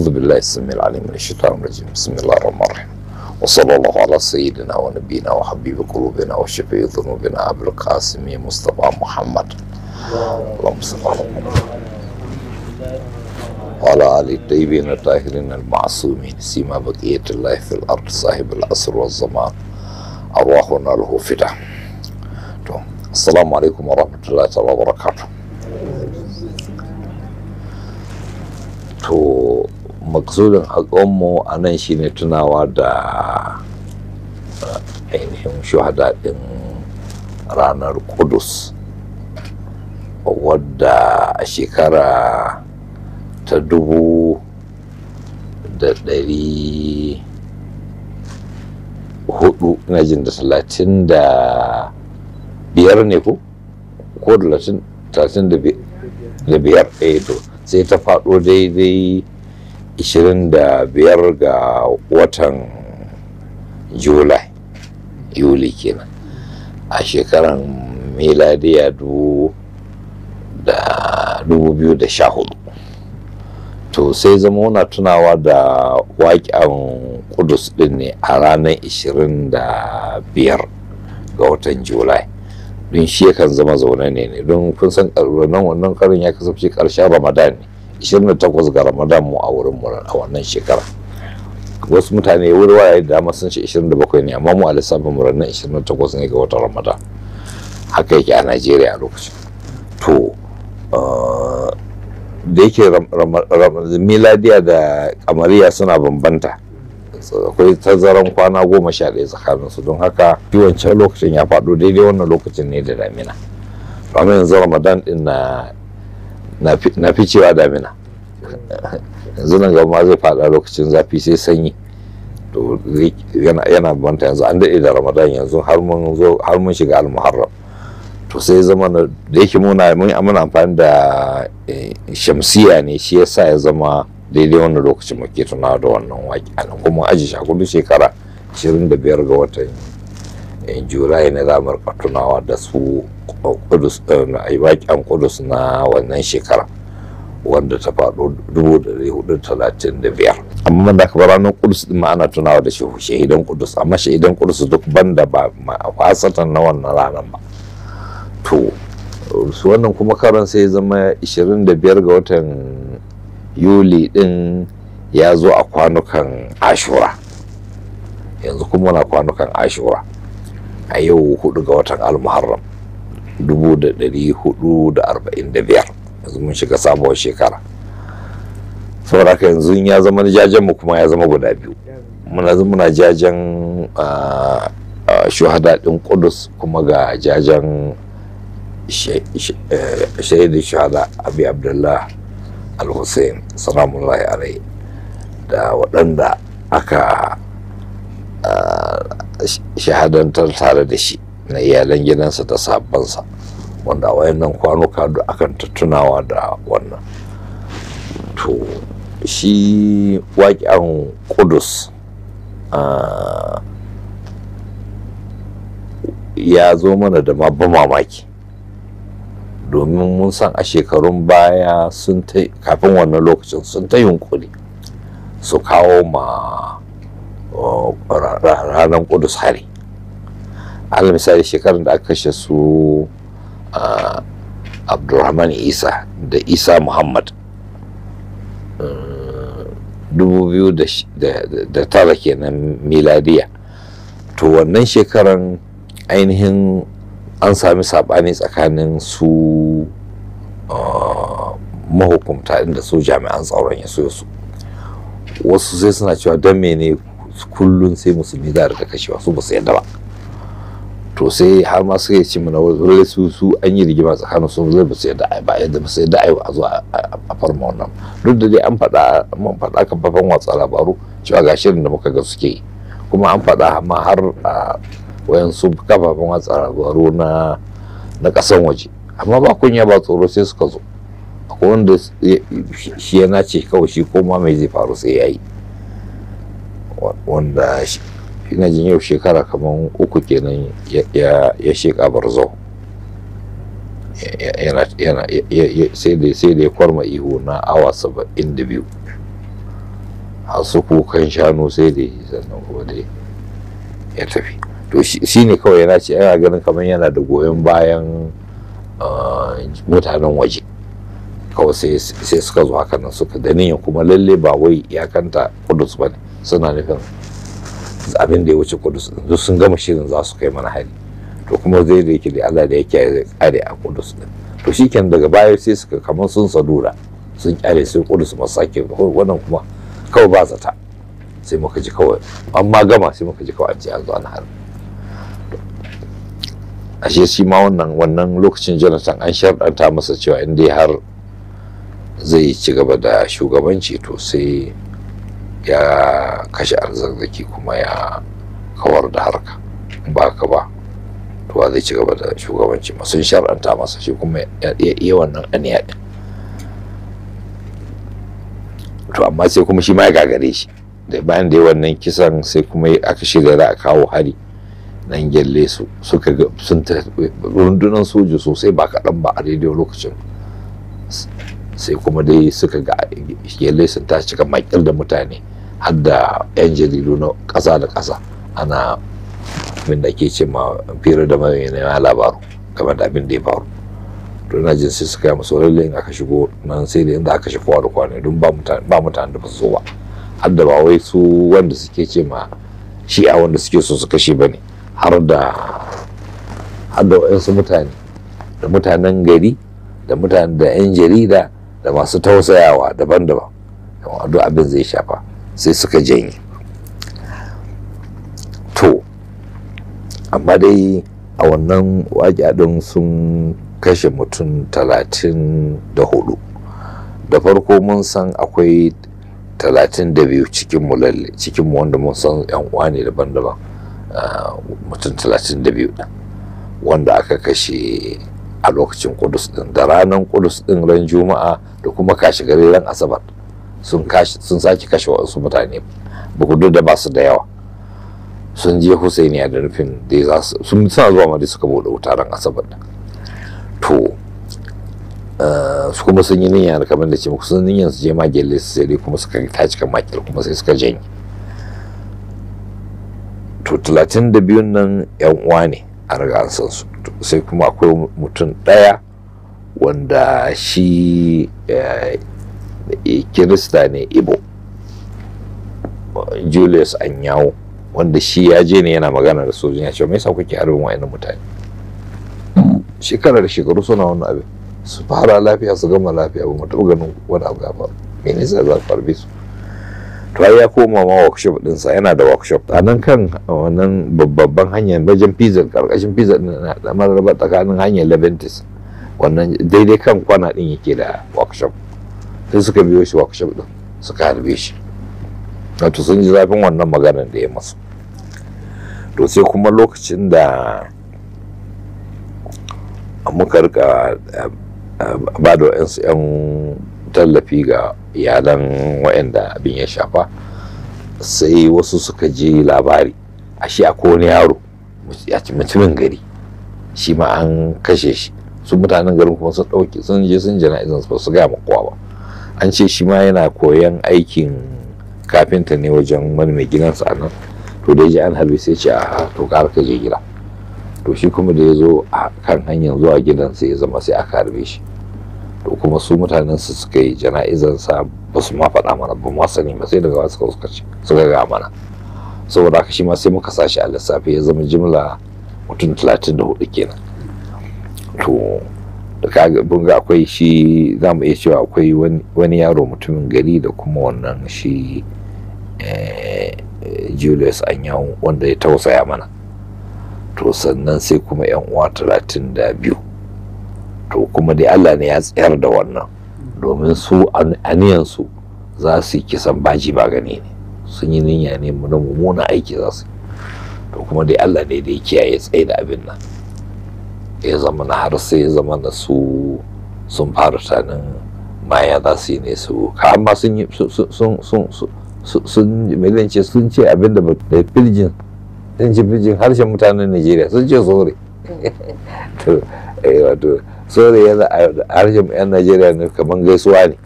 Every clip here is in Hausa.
أعوذ بالله السميع العليم من الشيطان الرجيم بسم الله الرحمن الرحيم وصلى الله على سيدنا ونبينا وحبيب قلوبنا وشفيع ذنوبنا أبي القاسم مصطفى محمد اللهم صل على محمد وعلى آل الطيبين الطاهرين المعصومين سيما بقية الله في الأرض صاحب الأسر والزمان أرواحنا له فداء السلام عليكم ورحمة الله وبركاته to maksudin haƙonmu a nan shine tunawa da eh, ainihin shuhada din ranar kudus wadda a shekara ta dubu da ɗari hudu na jin da talatin da biyar ne ko ko da talatin da biyar ɗaya eh, to sai ta faɗo daidai 25 ga watan julai yuli kenan a shekarar miladiya da 2014 to sai zama muna tunawa da waƙen kudus din ne a ranar 25 ga watan julai don shi yakan zama zaune ne don kun san nan wannan karin ya kasance ƙarshen ramadan ne 28 ga ramadan mu a wurin mu a wannan shekara wasu mutane wuri waya da dama sun ce 27 ne amma mu a lissafin mu ranar 28 ne ga watan ramadan haka yake a najeriya a lokacin to eh, da yake miladiya da kamariya suna bambanta akwai tazaran kwana goma sha ɗaya su don haka wancan lokacin ya faɗo daidai wannan lokacin ne da damina ramadan yanzu ramadan din na na fi cewa damina yanzu nan gaba zai fada lokacin zafi sai sanyi to yana banta yanzu an daɗe da ramadan yanzu har mun shiga al muharram shiga to sai zama da yake muna mun amfani da eh, shamsiya ne shi ya sa ya zama daidai wani lokacin muke tunawa da wannan waƙi kuma aji shakudu shekara 25 ga watan Eh, julai na zamar tunawa da su kudus eh, aibakin eh, kudus na wannan shekara wanda ta faɗo 435 amma man da aka ranar kudus ɗin ana tunawa da shahidan kudus amma shahidan kudus duk banda ba fasatan na wannan ranar ba to su wannan kuma karan sai zama 25 ga watan yuli din ya zo a kwanukan ashura yanzu kuma na kwanukan ashura a yau hudu ga watan almuharram biyar yanzu mun shiga sabuwar shekara saboda haka yanzu ya zama jajen mu kuma ya zama guda biyu muna muna jajen shuhada din kudus kuma ga jajen shaidin e, shahada abi abdullah al-hussein salamullahi alai da waɗanda aka Ah, shahadantar tare da shi na iyalan gidansa da sabansa wanda a wayannan kwanuka duk akan ta tunawa da wannan to shi waƙen kudus ah, ya zo mana da mabba mamaki domin mun san a shekarun baya sun kafin wannan lokacin sun ta yunkuri su kawo ma ranar kudus hari ala misali shekarun da aka kashe su abdulrahman isa da isa muhammad eh, dubu biyu da tara kenan miladiya to wannan shekaran ainihin an sami saɓani tsakanin su mahukumta inda su jami'an tsaron ya so su wasu sai suna cewa don mene kullun sai musulmi za a kashe kashewa su ba su yadda ba to sai har ma suka ce mana wurin su su an yi rigima tsakanin su zai ba su yadda ai ba yadda ba su yadda ai a zo a farma wannan duk da dai an faɗa mun faɗa kan bafan watsa labaru cewa ga shirin da muka ga suke kuma an faɗa amma har wayan wayansu kafafen watsa labaru na na ƙasan waje amma ba kunya ba tsoro sai suka zo akwai wanda shi ya nace kawai shi ma mai zai faru sai ya yi wanda ina jin yau shekara kamar uku kenan ya sheka barzau sai da ya kwarma ihu na awa saba'in da biyu hasu kukan shanu sai da sannan kuma da ya tafi to shi ne kawai yana ce yana ganin kamar yana da goyon bayan ah, mutanen waje kawai sai suka zo haka nan suka da niyan kuma lalle ba wai iyakanta kudus ba ne suna nufin abin da ya wuce kudus duk sun gama shirin za su kai mana hari to kuma zai da yake da Allah da yake kare a kudus din to shikenan daga baya sai suka kamar sun sadura sun kyale sai kudus ma sake wannan kuma kawai ba zata sai muka ji kawai amma gama sai muka ji kawai an ce an zo an har ashe shi ma wannan wannan lokacin jonathan an sharɗanta masa cewa inda ya har zai ci gaba da shugabanci to sai ya kashe arzazzaki kuma ya kawar da harka ba ka ba to zai ci gaba da shugabanci ma sun shar'anta masa shi kuma ya iya wannan aniya din to amma sai kuma shi ma ya gagare shi da bayan da wannan kisan sai kuma aka shirya za a kawo hari nan gyalle su suka ga sun rundunan soja sosai ba kaɗan ba a rediyo lokacin sai kuma dai suka ga yallai sun ta cika makil da mutane har da 'yan jaridu na ƙasa da ƙasa ana abin da ke ce ma firar da mai na labaru game da abin da ya faru to ina jin sai suka yi musu lalle in aka shigo nan sai da inda aka shi da kwane don ba mutane da ba su ba har da ba wai su wanda suke ce ma shi a wanda suke so su kashe ba ne har da har da mutane da mutanen gari da mutanen da 'yan jarida da masu tausayawa daban-daban duk abin zai shafa sai suka janye to amma dai a wannan waƙi sun kashe mutum talatin da hudu da farko mun san akwai talatin da biyu cikinmu lalle cikinmu wanda mun san yan uwa ne daban-daban ah, mutum talatin da biyu wanda aka kashe a lokacin kudus din da ranar kudus din ran juma'a da kuma kashi gari ran asabar sun sun sake kashe wasu mutane bukudu da ba su da yawa sun je husainiya da nufin da za su sun suna zuwa ma suka bude wuta ran asabar to eh, su kuma sun yi niyya da kamar da ce muku sun niyyar su je ma gelle su sai kuma suka ta cika makil kuma sai suka janye to talatin da biyun nan yan uwa ne a riga an san su sai kuma akwai mutum ɗaya wanda shi eh, kirista ne ibo julius anyawo wanda shi ya je ne yana magana da sojin ya ce mai sa kuke harbin wa'annan mutane shekarar shekaru suna wannan abin su fara lafiya su gama lafiya ba mu taɓa ganin wani abu ya faru me za su farbe su to ya koma ma workshop dinsa yana da workshop a nan kan wannan babban hanyar bajin pizza karkashin pizza na da maraba tsakanin hanyar leventis wannan daidai kan kwana din yake da workshop sai suka biyo shi workshop din suka harbe shi wato sun ji zafin wannan maganar da ya masu to sai kuma lokacin da muka rika eh, eh, ba da 'yan tallafi ga iyalan waɗanda abin ya shafa sai wasu suka je labari A shi a wani yaro mutumin gari shi ma an kashe shi su mutanen garin kuma sun ɗauki. sun je sun jana'izan ba su gaya kowa ba an ce shi ma yana koyan aikin kafinta ne wajen wani mai gidansa a nan to da ya an harbe sai ce a to ƙara ka je gida to shi kuma da ya zo a kan hanyar zuwa gidansa ya zama sai aka harbe shi kuma su mutanen su suka yi jana'izar sa ba su ma faɗa mana ba ma sani ba sai daga wasu suka suka ga mana saboda haka shi ma sai muka sashi a lissafi ya zama jimla mutum hudu kenan to da ga bunga akwai shi za mu iya cewa akwai wani yaro mutumin gari da kuma wannan shi eh, julius anyanwu wanda ya tausaya mana to sannan sai kuma yan uwa talatin da biyu to kuma dai Allah ne ya tsayar da wannan domin su aniyansu za su yi kisan baji ba gani ne sun yi niyya ne na mummuna aiki za su to kuma dai Allah ne da ya kiyaye tsaye da abin nan ya zama na har sai ya zama na su sun fara tanin maya za su yi ne su amma sun yi sun ce sun ce abin da firjin sun ce firjin harshen mutanen Najeriya sun ce sore to eh, wato da yana a harshen 'yan najeriya ne kamar gaisuwa ne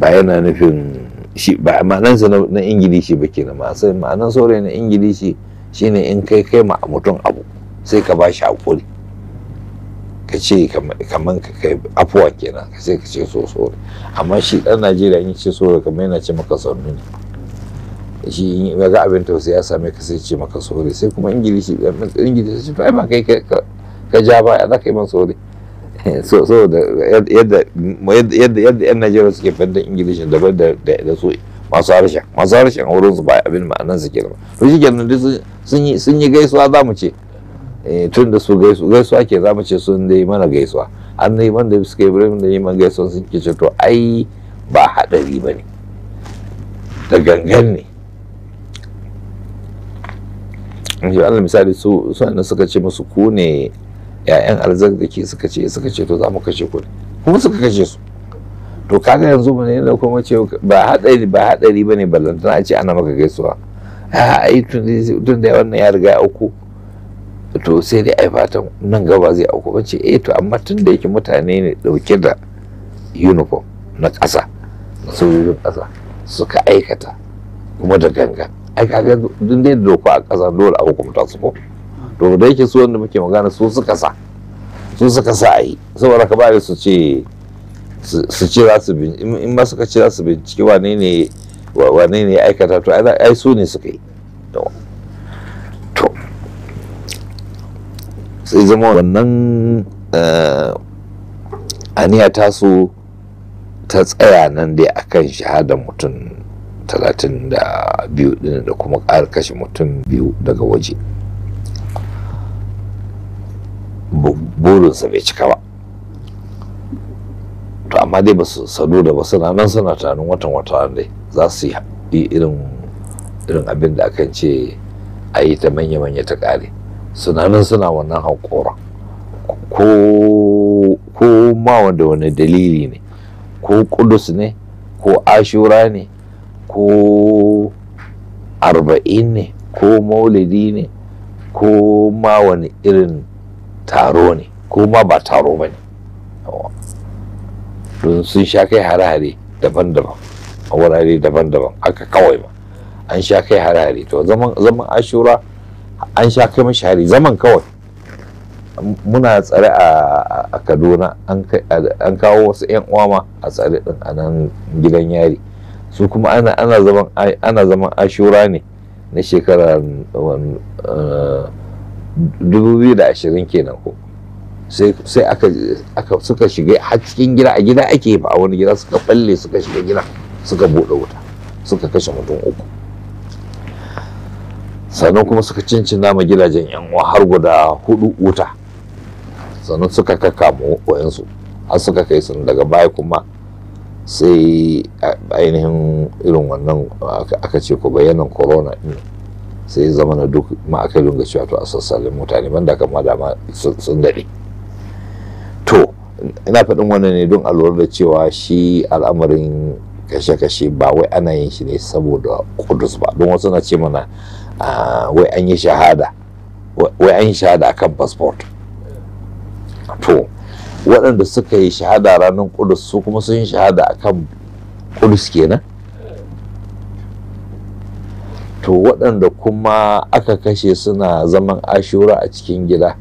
ba yana nufin shi ba ma'anansa na ingilishi ba kenan ma sai ma'anan saurayi na ingilishi shine in kai kai ma mutum abu sai ka ba shi haƙuri ka ce kamar ka kai afuwa kenan ka sai ka ce so sore amma shi ɗan najeriya in ce sore kamar yana ce maka sannu ne shi in ga abin tausayi ya same ka sai ce maka sore sai kuma ingilishi ingilishi ba kai ka ja ba za ka yi man sore so so da yadda yadda yadda yan Najeriya suke fadin Ingilishin da da da su masu harshen masu harshen wurin su ba abin ma'anan su kenan to shi kenan sun yi sun yi gaisuwa za mu ce eh, tun da su gaisu gaisuwa ke za mu ce sun dai mana gaisuwa an dai wanda suka yi birnin da yi mana gaisuwa sun ke ce to ai ba haɗari ba ne da gangan ne in ji Allah misali su suna suka ce musu ku ne 'ya'yan ke suka ce suka ce to za mu kashe ku kuma suka kashe su to kaga yanzu ba ne da kuma ce ba hadari ba hadari bane a ce ana maka gaisuwa a ai tun da wannan ya riga ya auku to sai dai ai fatan nan gaba zai auku ba ce eh to amma tun da yake mutane ne dauke da uniform na ƙasa sojojin ƙasa suka aikata kuma da ganga ai kaga duk dai doka a ƙasa dole a hukumta su ko to da yake su wanda muke magana su suka sa su suka sa yi saboda ka bari su ce su ce za su in ba suka ce za su bincike wane ne wane ne aikata to ai su ne suka yi to sai zama wannan eh, aniya so ta tsaya nan dai akan shahadar mutum talatin da biyu da kuma ƙara kashe mutum biyu daga waje burinsa bai cika ba to amma dai ba su da ba suna nan suna tunanin watan wata dai za su yi irin irin abin da akan ce a yi ta manya-manya ta ƙare suna nan suna wannan haƙoran ko ma wanda wani dalili ne ko kudus ne ko ashura ne ko arba'in ne ko maulidi ne ko ma wani irin taro ne kuma ba taro ba ne don sun sha kai hare-hare daban-daban a wurare daban-daban aka kawai ma an sha kai hare-hare to zaman ashura an sha kai mashi hari zaman kawai muna tsare a kaduna an kawo wasu 'yan uwa ma a tsare din a nan gidan yari su kuma ana zaman ashura ne na shekarar um, uh, 2020 kenan ko sai aka suka shiga har cikin gida a gida ake ba a wani gida suka balle suka shiga gida suka buɗe wuta suka kashe mutum uku sannan kuma suka cincina ma gidajen yan uwa har guda hudu wuta sannan suka kaka mu wayansu har suka kai sun daga baya kuma sai ainihin irin wannan aka ce ku bayanan corona ɗin sai zama na duk ma'akalin ga cewa to a sassalin mutane banda kama dama sun daɗe to ina faɗin wannan ne don a da cewa shi al'amarin kashe-kashe ba wai ana yin shi ne saboda kudus ba don wasu na ce mana ah, wai an yi shahada wai an yi shahada akan passport to waɗanda suka yi shahada ranar kudus su kuma sun yi shahada a kan kudus kenan to waɗanda kuma aka kashe suna zaman ashura a cikin gida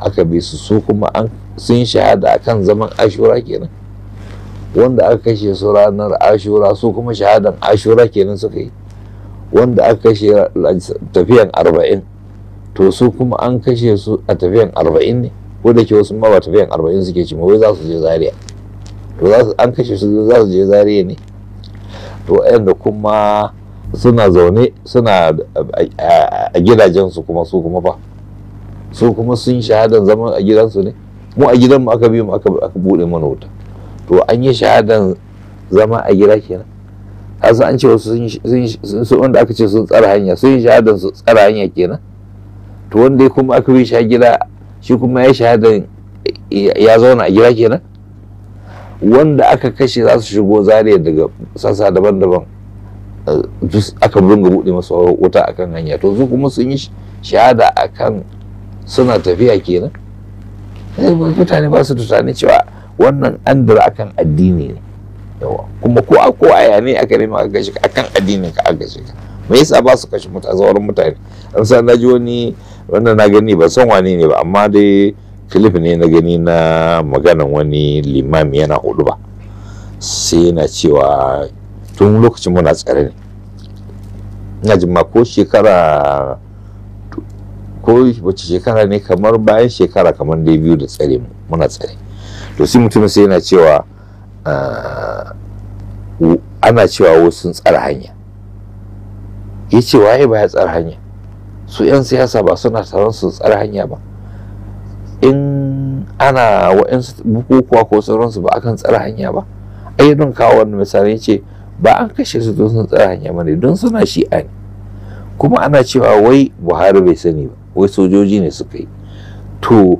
aka bi su su kuma sun shahada akan zaman ashura kenan wanda aka kashe su ranar ashura su kuma shahadan ashura kenan suka yi wanda aka kashe tafiyan arba'in to su kuma an kashe su a tafiyan arba'in ne ko da ke wasu ma ba tafiyan arba'in suke ci wai za su je zaria to an kashe su za su je zaria ne to da kuma suna zaune suna a gidajensu kuma su kuma ba su kuma sun shahadan zama a gidansu ne mu a gidanmu aka bi mu aka buɗe mana wuta to an yi shahadan zama a gida kenan har an ce wasu sun wanda aka ce sun tsara hanya sun yi shahadan su tsara hanya kenan to wanda kuma aka bi shi gida shi kuma ya shahadan ya zauna a gida kenan wanda aka kashe za su shigo zariya daga sassa daban-daban aka bunga buɗe masa wuta akan hanya to su kuma sun yi shahada akan suna tafiya kenan eh, mutane ba su tunani cewa wannan an dira akan addini ne kuma ko a ko aya ne aka nemi aka gashi akan addini ka aka gashi me yasa ba su kashe mutane sauran mutane an san na ji wani wanda na gani ba san wane ne ba amma dai clip ne na gani na maganan wani limami yana hudu ba sai yana cewa tun lokacin muna tsare ne ina jin ma ko shekara ko wace shekara ne kamar bayan shekara kamar dai biyu da tsare mu muna tsare to sai mutum sai yana cewa ah, ana cewa wasu sun tsara hanya ya ce waye ba ya tsara hanya su 'yan siyasa ba suna taron su tsara hanya ba in ana wa'yansu bukukuwa ko sauransu ba akan tsara hanya ba ayyadun kawo wani misali ya ce ba an kashe su don sun tsara hanya mana don suna shi'a ne kuma ana cewa wai buhari bai sani ba wai sojoji ne suka yi to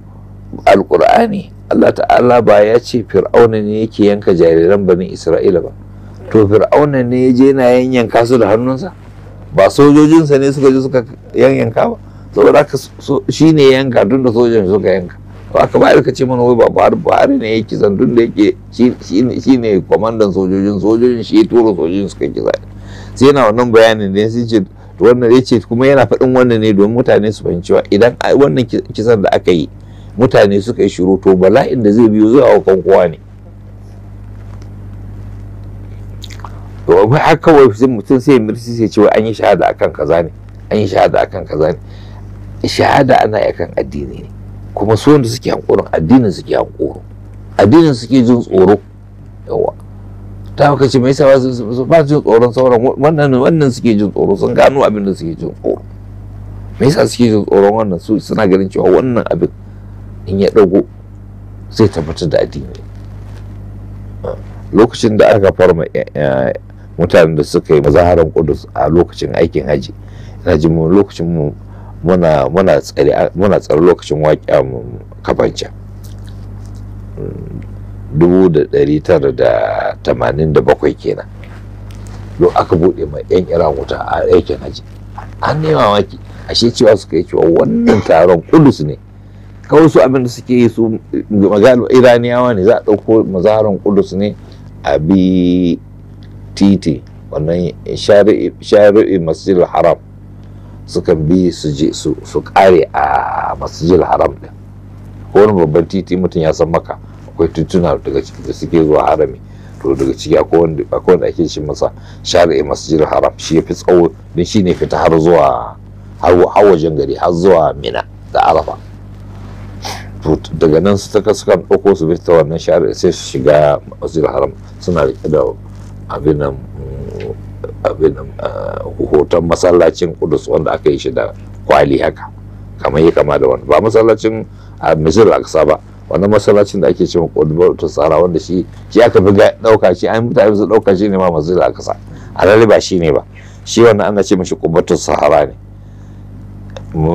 alkur'ani allah ta'ala ba ya ce fir'auna ne yake yanka jariran banin isra'ila ba to fir'auna ne ya je yana yanyanka su da hannunsa ba sojojinsa ne suka je suka yanyanka ba saboda haka shi ne yanka tun da sojojin suka yanka to aka bayar ka ce mana wai ba bari bari ne yake zandun da yake shi ne kwamandan sojojin sojojin shi ya tura sojojin suka kisa sai yana wannan bayanin ne sai ce wannan ya ce kuma yana faɗin wannan ne domin mutane su fahimci cewa idan wannan kisan da aka yi mutane suka yi shiru to bala'in da zai biyo zuwa haukan kowa ne to ba haka kawai mutum sai mirsi sai cewa an yi shahada akan kaza ne an yi shahada akan kaza ne shahada ana yakan addini ne kuma su wanda suke hankoron addinin suke hankoro addinin suke jin tsoro yawa ta haka ce mai yasa ba jin tsoron sauran wannan wannan suke jin tsoro sun gano abin da suke jin tsoro me yasa suke jin tsoron wannan su suna ganin cewa wannan abin in ya dago zai tabbatar da addini lokacin da aka farma eh, eh, mutanen da suka yi mazaharan kudus a lokacin aikin haji ina jin lokacin mu muna muna tsare lokacin waƙi kafanca mm, dubu da da tamanin kenan lo aka bude ma yan iran wuta a aikin haji an nema maki ashe cewa suka yi cewa wannan taron kudus ne kawai su abin suke yi su magana iraniyawa ne za a ɗauko mazarin kudus ne a bi titi wannan shari'i masjidil haram sukan bi su je su kare a masjidil haram din ko wani babban titi mutum ya san maka akwai tituna daga da suke zuwa harami to daga ciki akwai wanda ake shi masa shari'a masjidil haram shi ya fi tsawo don shi ne fita har zuwa har wajen gari har zuwa mina da arafa daga nan su taka sukan ɗauko su bi ta wannan shari'a sai su shiga masjidil haram suna riƙe da abin abin ah, hoton masallacin kudus wanda aka yi shi da kwali haka kamar yi kama da wani ba masallacin a ah, misir a kasa ba wannan masallacin da ake cewa kudubar tsara wanda shi shi aka fi dauka shi an mutane su dauka shi ne ma a aksa a lalle ba shi ne ba shi wannan ana ce mashi kubatun sahara ne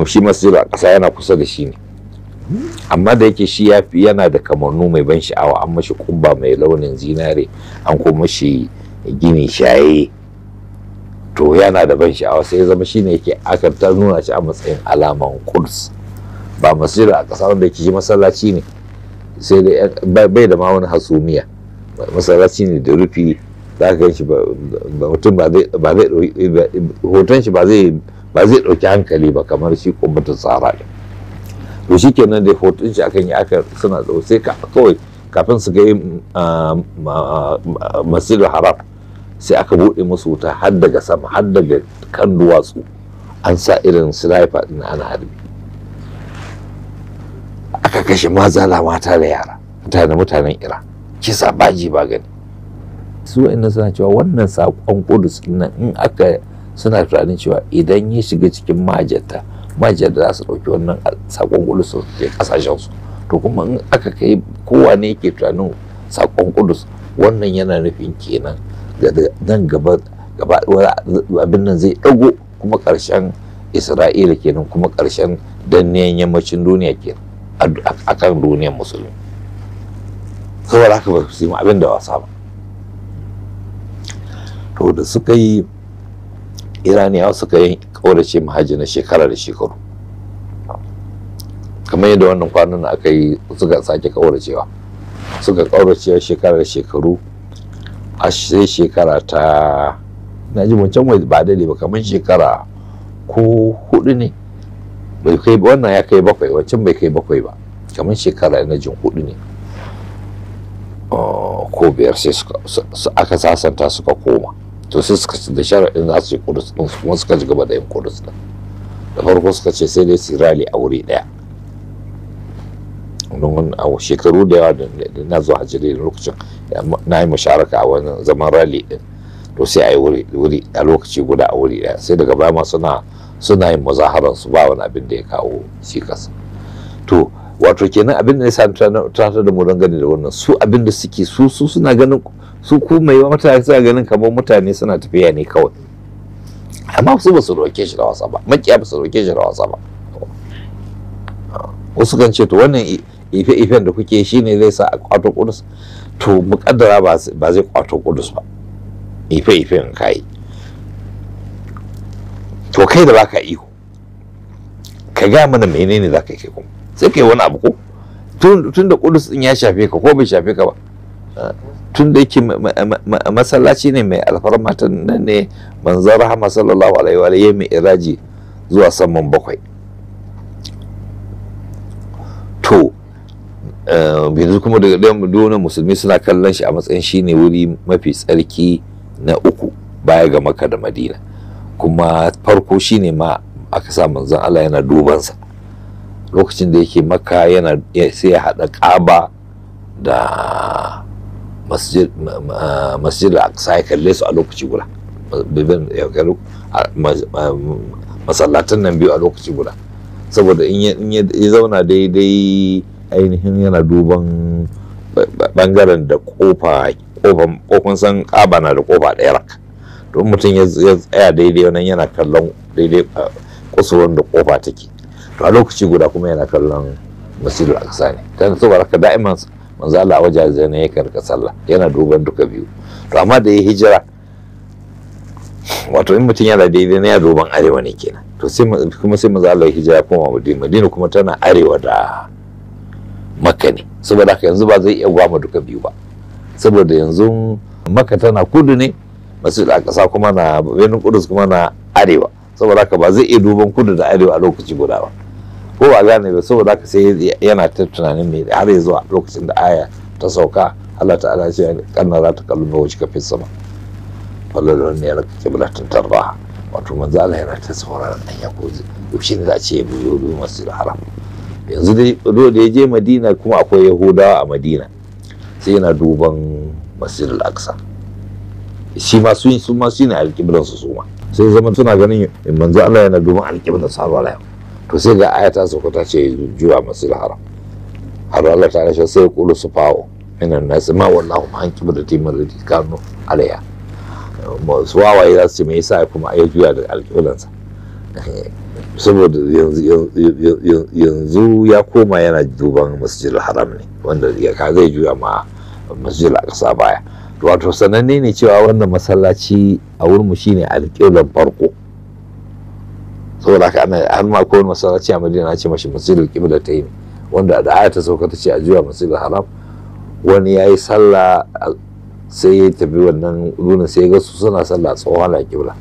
shi a kasa yana kusa da shi ne amma da yake shi yafi yana da kamannu mai ban sha'awa an mashi kumba mai launin zinare an kuma shi gini shaye to yana da ban sha'awa sai ya zama shine yake akartar nuna shi a matsayin alaman Quds ba masjid a ƙasa wanda yake shi masallaci ne sai da bai da ma wani hasumiya masallaci ne da rufi za ka shi ba mutum ba zai hoton shi ba zai ɗauki hankali ba kamar shi kumbatun tsara ɗin to shi kenan da hoton shi akan yi aka suna tsawo sai kawai kafin su ga ah, ah, masjidul haram sai aka buɗe musu wuta har daga sama har daga kan duwatsu an sa irin sniper ɗin ana harbi aka kashe mazala mata da yara mutane mutanen ira kisa baji ba gani su wa'annan suna cewa wannan saƙon kudus nan in aka suna tunanin cewa idan ya shiga cikin majata majata za su ɗauki wannan saƙon kudus su ke ƙasashensu to kuma in aka kai kowa ne yake tunanin saƙon kudus wannan yana nufin kenan nan gaba gaba abin nan zai dago kuma ƙarshen isra'ila kenan kuma ƙarshen danniyan yammacin duniya kenan a kan duniyar musulmi saboda haka ba su yi abin da wasa ba to da suka yi iraniyawa suka yi ƙaurace mahaji na shekara da shekaru kamar yadda wannan kwanan aka yi suka sake ƙauracewa suka ƙauracewa shekara da shekaru a sai shekara ta na ji wancan ba dade ba kamar shekara ko hudu ne bai kai wannan ya kai bakwai wancan bai kai bakwai ba kamar shekara na jin hudu ne ah, ko biyar sai aka sasanta suka koma to sai suka da sharaɗin za su yi kudus ɗin kuma suka ji gaba da yin kudus ɗin da farko suka ce sai dai su rali a wuri ɗaya don a shekaru da yawa da na zuwa hajjire da lokacin na yi musharaka a wani zaman rally din to sai a yi wuri a lokaci guda a wuri ɗaya sai daga baya ma suna suna yin muzaharar su ba wani abin da ya kawo cikas to wato kenan abin da ya sa tunatar da mu gani da wannan su abin da suke su su suna ganin su ku mai mutane suna ganin kamar mutane suna tafiya ne kawai amma su ba su roke shi da wasa ba makiya ba su roke shi da wasa ba wasu kan ce to wannan ife-ifen da kuke shi ne zai sa a kwato kudus to mukaddara ba zai kwato kudus ba ife-ifen ka yi to kai da baka ihu ka ga mana menene za ka yi kuma sai ka yi wani abu ko tun da kudus din ya shafe ka ko bai shafe ka ba tun da yake masallaci ne mai alfarma ta nan ne manzon rahama sallallahu alaihi wa alihi mai iraji zuwa saman bakwai to Ehm, yanzu kuma daga ɗaya, duniyar musulmi suna kallon shi a matsayin shi ne wuri mafi tsarki na uku baya ga maka da madina kuma farko shi ne ma aka sa manzon Allah yana dubansa lokacin da yake maka yana sai ya haɗa ƙaba da eh, masjid al-aqsa ya kalle su a lokaci guda masallatan nan biyu a lokaci guda saboda in ya zauna daidai ainihin yana duban bangaren da kofa san kaba na da kofa ɗaya raka. don mutum ya tsaya daidai wannan yana kallon daidai kusurwan da kofa take to a lokaci guda kuma yana kallon a aqsa ne dan saboda haka da'iman manzo Allah wajaje ne yake rika sallah yana duban duka biyu to amma da ya hijira wato in mutum yana daidai na ya duban arewa ne kenan to sai kuma sai manzo Allah ya hijira koma Madina Madina kuma tana arewa da makka ne saboda haka yanzu ba zai iya gwama duka biyu ba saboda yanzu makka tana kudu ne masu da aqsa kuma na benin kudus kuma na arewa saboda haka ba zai iya duban kudu da arewa a lokaci guda ba ko ba gane ba saboda haka sai yana ta tunanin me har ya zuwa lokacin da aya ta sauka Allah ta'ala ya ce kanna za ta kallon ba ka fi sama fallalon ne ya raka kiblatin tarra wato manzo Allah yana ta sauraron an ya ko shi ne za a ce ya biyo masu haram yanzu dai da ya je madina kuma akwai yahudawa a madina sai yana duban masjid al-aqsa shi ma su su ma su ne alƙiblar su su ma sai zama suna ganin manzo Allah yana duban alƙiblar sa ba to sai ga aya ta sauka ta ce juwa masjid haram har Allah ta rashin sai kulu su fawo na su ma wallahu ma an da timar da kanu alaya su wawaye za su ce me yasa kuma ya juya da alƙiblar sa saboda yanzu ya koma yana duban masjidil haram ne wanda ya ka zai juya ma a ƙasa baya wato sananne ne cewa wannan masallaci a wurin shi shine alƙiblan farko saboda haka ana har ma ko masallaci a madina ce mashi masjidil qibla ta yi wanda da aya ta sauka ta ce a juya masjidil haram wani yayi sallah sai ya tafi wannan runa sai ya ga su suna sallah tsohon alƙibla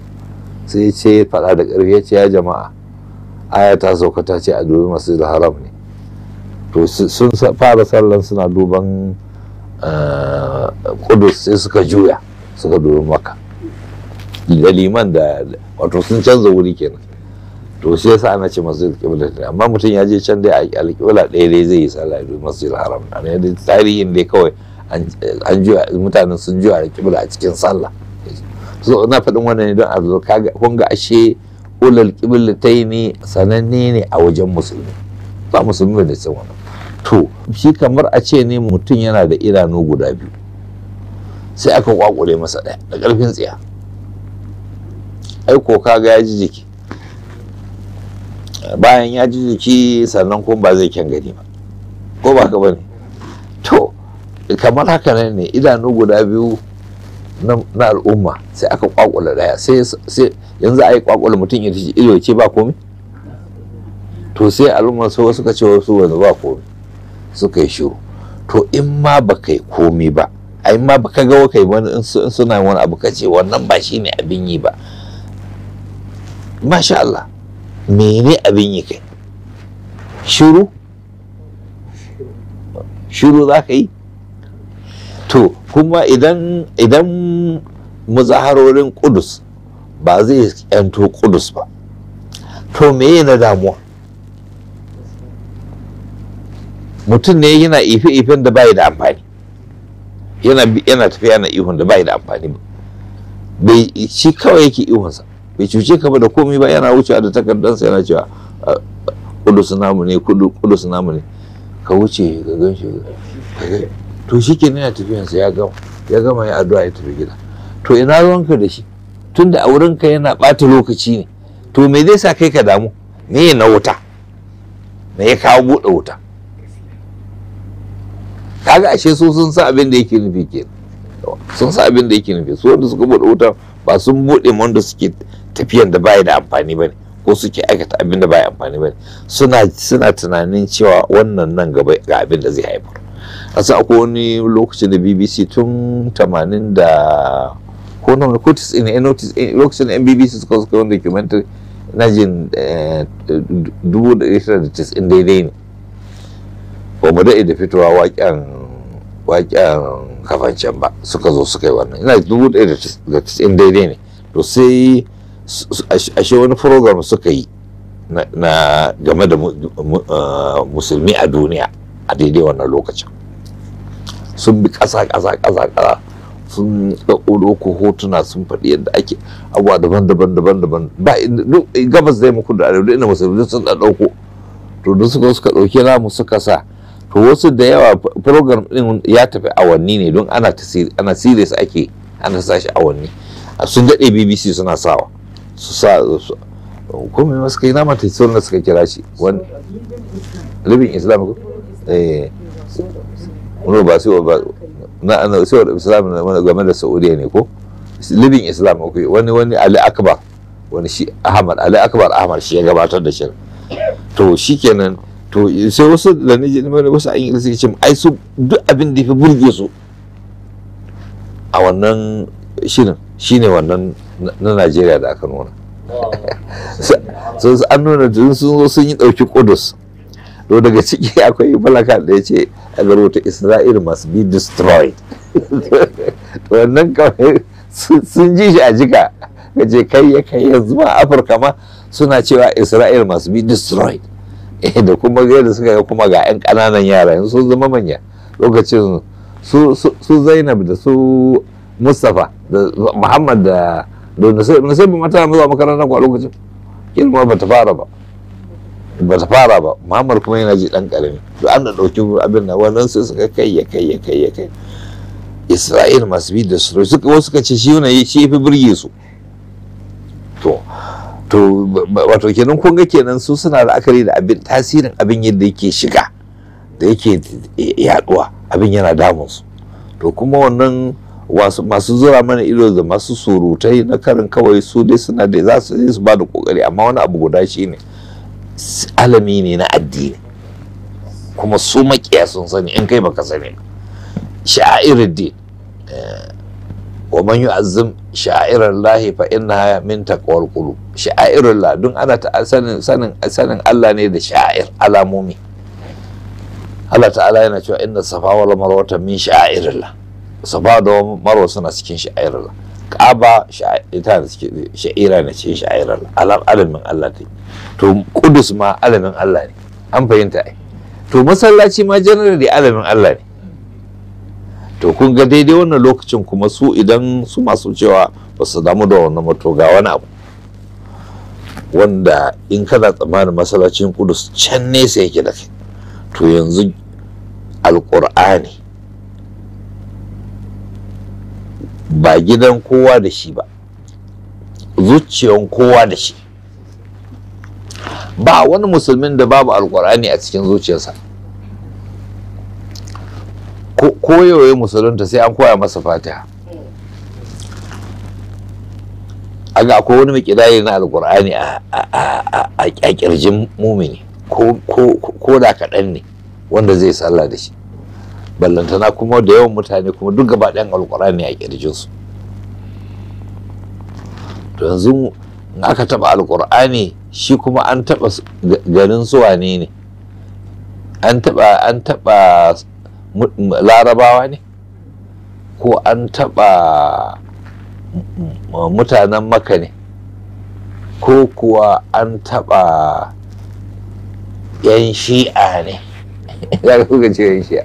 sai ya ce faɗa da ƙarfi ya ce ya jama'a aya ta sauka ta ce a dubi da haram ne to sun fara sallan suna duban eh, kudus sai suka juya suka dubi maka da liman da wato sun canza wuri kenan to sai yasa ana ce da kibla ne amma mutum ya je can dai a alƙibla ɗaya dai zai yi sallah da da haram a ne da tarihin dai kawai an juya mutanen sun juya alƙibla a cikin sallah so ina faɗin wannan ne don a zo kaga ashe ulal taimi sananne ne a wajen musulmi ba musulmi ne sai wannan to shi kamar a ce ne mutum yana da idanu guda biyu sai aka kwakule masa ɗaya da ƙarfin tsiya ai ko kaga ya ji jiki bayan ya ji jiki sannan kuma ba zai kyan gani ba ko ba ka bane to kamar haka ne ne idanu guda biyu na al'umma sai aka kwakula ɗaya sai yanzu a yi kwakwal mutum ido ce ba komai to sai al'ummar so suka ce wasu wanda ba komai suka yi shiru to in ma ba kai komai ba a in ma ba ka gawa kai wani in suna wani abu ka ce wannan ba shi ne abin yi ba masha Allah mene abin yi kai shiru shiru za ka yi to kuma idan idan muzaharorin kudus ba zai yanto kudus ba to meye na damuwa mutum ne yana ife-ifen da bai da amfani yana tafiya na ihun da bai da amfani ba. bai shi kawai yake ihunsa bai cuce ka ba da komai ba yana wucewa da takardansa yana cewa kudus namu ne kudus namu ne ka wuce ka gan shi to shi ke nuna tafiyansa ya gama ya gama ya addu'a ya tafi gida to ina ruwanka da shi tunda a ka yana ɓata lokaci ne to me zai sa kai ka damu me na wuta me ya kawo buɗe wuta kaga ashe su sun sa abin da yake nufi ke sun sa abin da yake nufi su wanda suka buɗe wuta ba sun buɗe ma wanda suke tafiyan da baya da amfani ba ne ko suke aikata abin da baya amfani ba ne suna suna tunanin cewa wannan nan gaba ga abin da zai haifar asa akwai wani lokacin da bbc tun tamanin da ko nawa ko in lokacin mbbc suka suka wani documentary na jin 1990 daidai ne ba mu daɗe da fitowa waƙen waƙen can ba suka zo suka yi wannan ina dubu da da 1990 daidai ne to sai ashe wani program suka yi na game da eh, musulmi a duniya a daidai wannan lokacin sun bi ƙasa ƙasa ƙasa ƙasa sun ɗauko hotuna sun faɗi yadda ake abuwa daban-daban daban-daban ba gabas zai muku da arewa ina musulmi sun ɗauko to duk suka suka na mu suka sa to wasu da yawa program ɗin ya tafi awanni ne don ana ana serious ake ana sa shi awanni sun daɗe bbc suna sawa su sa ko me masu kai nama ta sauran suka kira shi wani libin islam ko eh ba sai ba na na sai da islam na game da saudiya ne ko living islam ko wani wani ali akbar wani shi ahmad ali akbar ahmad shi ya gabatar da shi to shikenan to sai wasu da ni wasu an yi ce ai su duk abin da ya fi burge su a wannan shirin shine wannan na najeriya da aka nuna sun an nuna sun zo sun yi ɗauki kudus to daga ciki akwai falaka da ya ce a garota isra'il must be destroyed wannan kawai sun ji shi a jika ka je kai ya kai yanzu ma afirka ma suna cewa isra'il must be destroyed eh, da kuma da suka ga kuma ga 'yan ƙananan yara yanzu sun zama manya lokacin su zainab da su mustapha da muhammad da nasibin mata mazuwa makarantar kwa lokacin girma ba ta fara ba ba ta fara ba muhammad kuma yana ji dan karami to an da dauki abin na wannan su suka kai ya kai ya kai ya kai isra'il masu bi da su suka wasu ka ce shi yana shi fi burge su to to wato kenan kun ga kenan su suna la'akari da abin tasirin abin yadda yake shiga da yake yaduwa abin yana damun su to kuma wannan masu zura mana ido da masu surutai na karin kawai su dai suna da za su ba da kokari amma wani abu guda shine ne alami ne na addini kuma su makiya sun sani in kai baka sani sha'irar din eh, wa man yu'azzim sha'irar lahi fa inna min taqwal qulub sha'irar la dun ana ta sanin sanin sanin Allah ne da sha'ir alamomi Allah ta'ala yana cewa inna safa wal marwata min sha'irillah safa da marwa suna cikin sha'irillah kaba ita da suke sha'ira ne cikin sha'irillah alam alamin Allah take to kudus ma alamin Allah ne an fahimta ai to masallaci ma generally alamin Allah ne to kun ga daidai wannan lokacin kuma su idan su masu cewa ba su damu da wannan mato ga wani abu wanda in kana tsammanin masallacin kudus can nesa yake da kai to yanzu alkur'ani ba gidan kowa da shi ba zuciyan kowa da shi ba wani musulmin da babu alkur'ani a cikin zuciyarsa Ko koyoyi musulunta sai an koya masa fatiha a ga akwai wani mikidari na alkur'ani a kirjin mumini ko da kaɗan ne wanda zai sallah da shi ballantana kuma da yawan mutane kuma duk gaba ɗayan alkur'ani a kirjinsu to yanzu in aka taɓa alkur'ani shi kuma an taɓa garin zuwa ne ne an taɓa an taba larabawa ne ko an taɓa mutanen maka ne ko kuwa an taɓa 'yan shi'a ne Ya ka kuka ce 'yan shi'a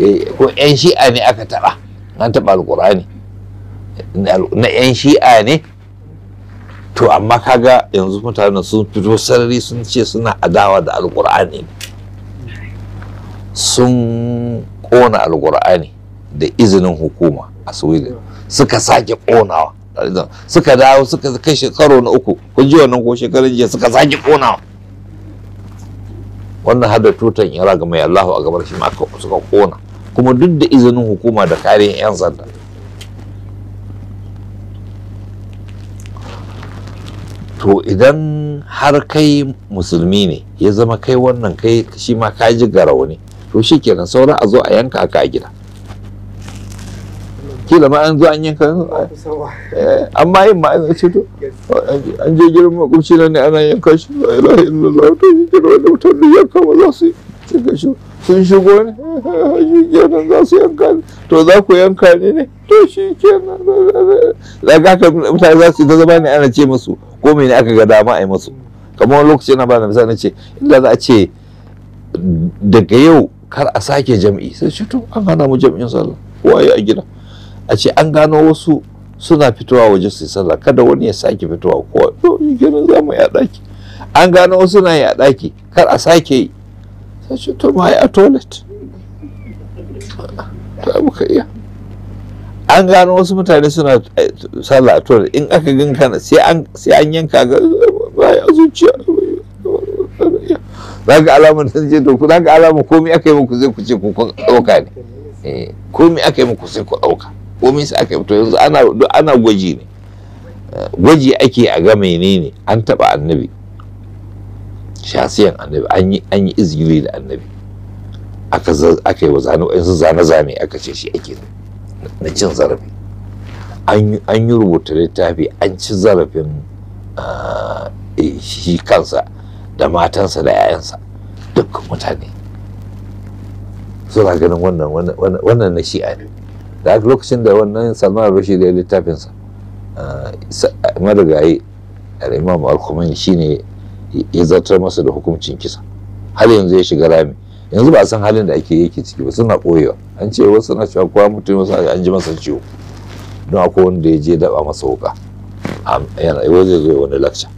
eh, ko 'yan shi'a ne aka taɓa an taɓa alkurani na 'yan shi'a ne to amma kaga yanzu mutanen sun fito sarari sun ce suna adawa da alkur'ani sun ƙona alkur'ani da izinin hukuma a sweden suka sake ƙonawa suka dawo suka kai shekaru na uku kun ji wannan ko shekarun jiya suka sake ƙonawa wannan har da tutan ya raga mai allahu a gabar shi ma suka ƙona kuma duk da izinin hukuma da kariyar 'yan sanda to idan har kai musulmi ne ya zama kai wannan kai shi ma ka ji gara wani to shi kenan sauran a zo a yanka ka a gida kila ma an zo an yanka eh, amma yin ma an ce to an je girin makwabci ne ana yanka shi ba ilahi illallah to shi kenan wanda mutane yanka ba za su yi sai shi sun shigo ne shi kenan za su yanka to za ku yanka ne ne to shi kenan ga ka mutane za su ta zama ne ana ce musu ko ne aka ga dama a yi musu kamar wani lokaci yana ba da misali ce inda za a ce daga yau kar a sake jam'i sai shi to an hana mu jam'in sallah waye a gida a ce an gano wasu suna fitowa waje su sallah kada wani ya sake fitowa ko to shi kenan za mu yi a ɗaki an gano wasu na yi a ɗaki kar a sake yi sai ce to ma a toilet ta muka iya an gano wasu mutane suna eh, sallah a toilet in aka gan kana sai an yanka ga baya zuciya za ka alamun sun ce doku za ka alamun komi aka yi muku zai ku ce ku ɗauka ne eh, komi aka yi muku sai ku ɗauka komi sai aka yi to yanzu ana gwaji ne eh, gwaji ake a ga menene an taɓa annabi shasiyan annabi an yi an yi izgiri da annabi aka aka yi wa zane wa'insu zane-zane aka ce shi ake na cin zarafi an yi rubuta littafi an ci zarafin ah, eh, shi kansa da matansa da 'ya'yansa duk mutane suna ganin wannan wannan na shi'a ne da aka lokacin da wannan salman rashid ya littafinsa ah, madagayi al'imam al-kumani shine ya zartar masa da hukuncin kisa har yanzu ya shiga rami yanzu ba a san halin da ake yake ciki ba suna koyewa an ce wasu suna cewa kowa mutum wasu an ji masa ciwo don akwai wanda ya je daba masa wuka yana zai zo wani lakca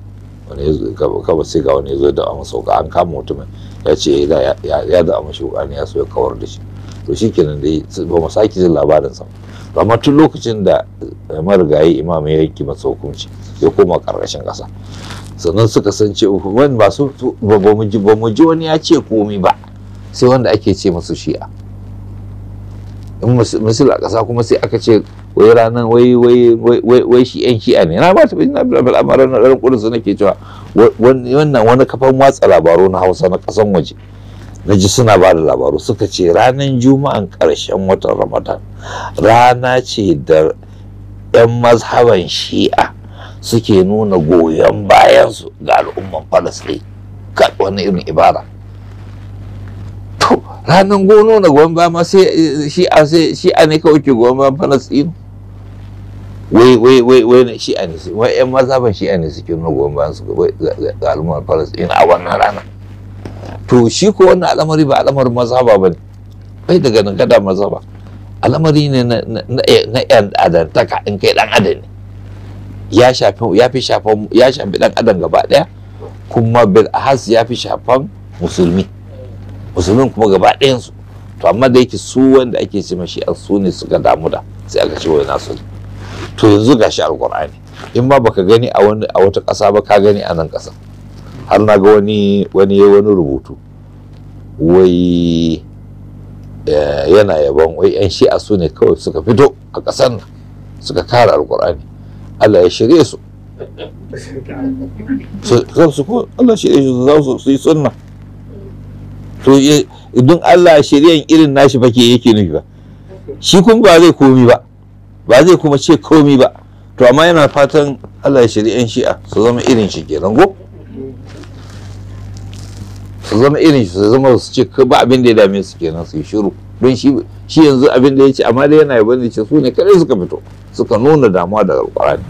wani ya kaba sai ga wani ya zo daba masa wuka an kama mutumin ya ce eh, ya daba masa wuka ne ya so ya kawar da shi to shi kenan dai ba mu sake jin labarinsa ba amma tun lokacin da marigayi imam ya yanki masa hukunci ya koma karkashin kasa sannan suka san cewa wani su ba mu ji wani ya ce komi ba sai wanda ake ce masu shi'a in misal a ƙasa kuma sai aka ce wai ranar wai wai wai shi yan shi'a ne na ba ta bin abdul amara na ɗarin ƙudusu nake cewa wannan wani kafan watsa labaru na hausa na ƙasan waje na ji suna ba da labaru suka ce ranar juma'an ƙarshen watan ramadan rana ce da ƴan mazhaban shi'a suke nuna goyon bayansu ga al'umman falasɗin ga wani irin ibara to ranar gono na goyon ba ma sai shi a sai shi a ne kawai ke goyon ba falasɗin wai wai wai wai shi a ne wai yan maza ba shi a ne suke nuna goyon bayansu ga al'umman falasɗin a wannan rana to shi ko wannan al'amari ba alamar maza ba ne bai daga nan kada maza ba al'amari ne na na na yan adantaka in kai dan adani ya shafi ya fi shafan ya shafi dan adam gaba daya kuma bil ahas ya fi shafan musulmi musulmin kuma gaba dayan su to amma da yake su wanda ake ce mashi an su ne suka damu da sai aka ce wai nasu to yanzu gashi alqur'ani in ma baka gani a wani a wata kasa ba ka gani a nan ƙasa har na ga wani wani wani rubutu wai eh, yana yabon wai yan shi'a su ne kawai suka fito a ƙasar suka kare alqur'ani Allah ya shirye su kan su ko Allah shirye su za su yi sunna to idan Allah shiryan irin nashi fa ke yake nufi ba shi kun ba zai komi ba ba zai kuma ce komi ba to amma yana fatan Allah ya shirye yan a su zama irin shi kenan go su zama irin shi su zama su ce ba abin da ya dame su kenan su yi shiru don shi shi yanzu abin da ya ce amma dai yana yabon da ce su ne kadai suka fito suka nuna damuwa da alkurani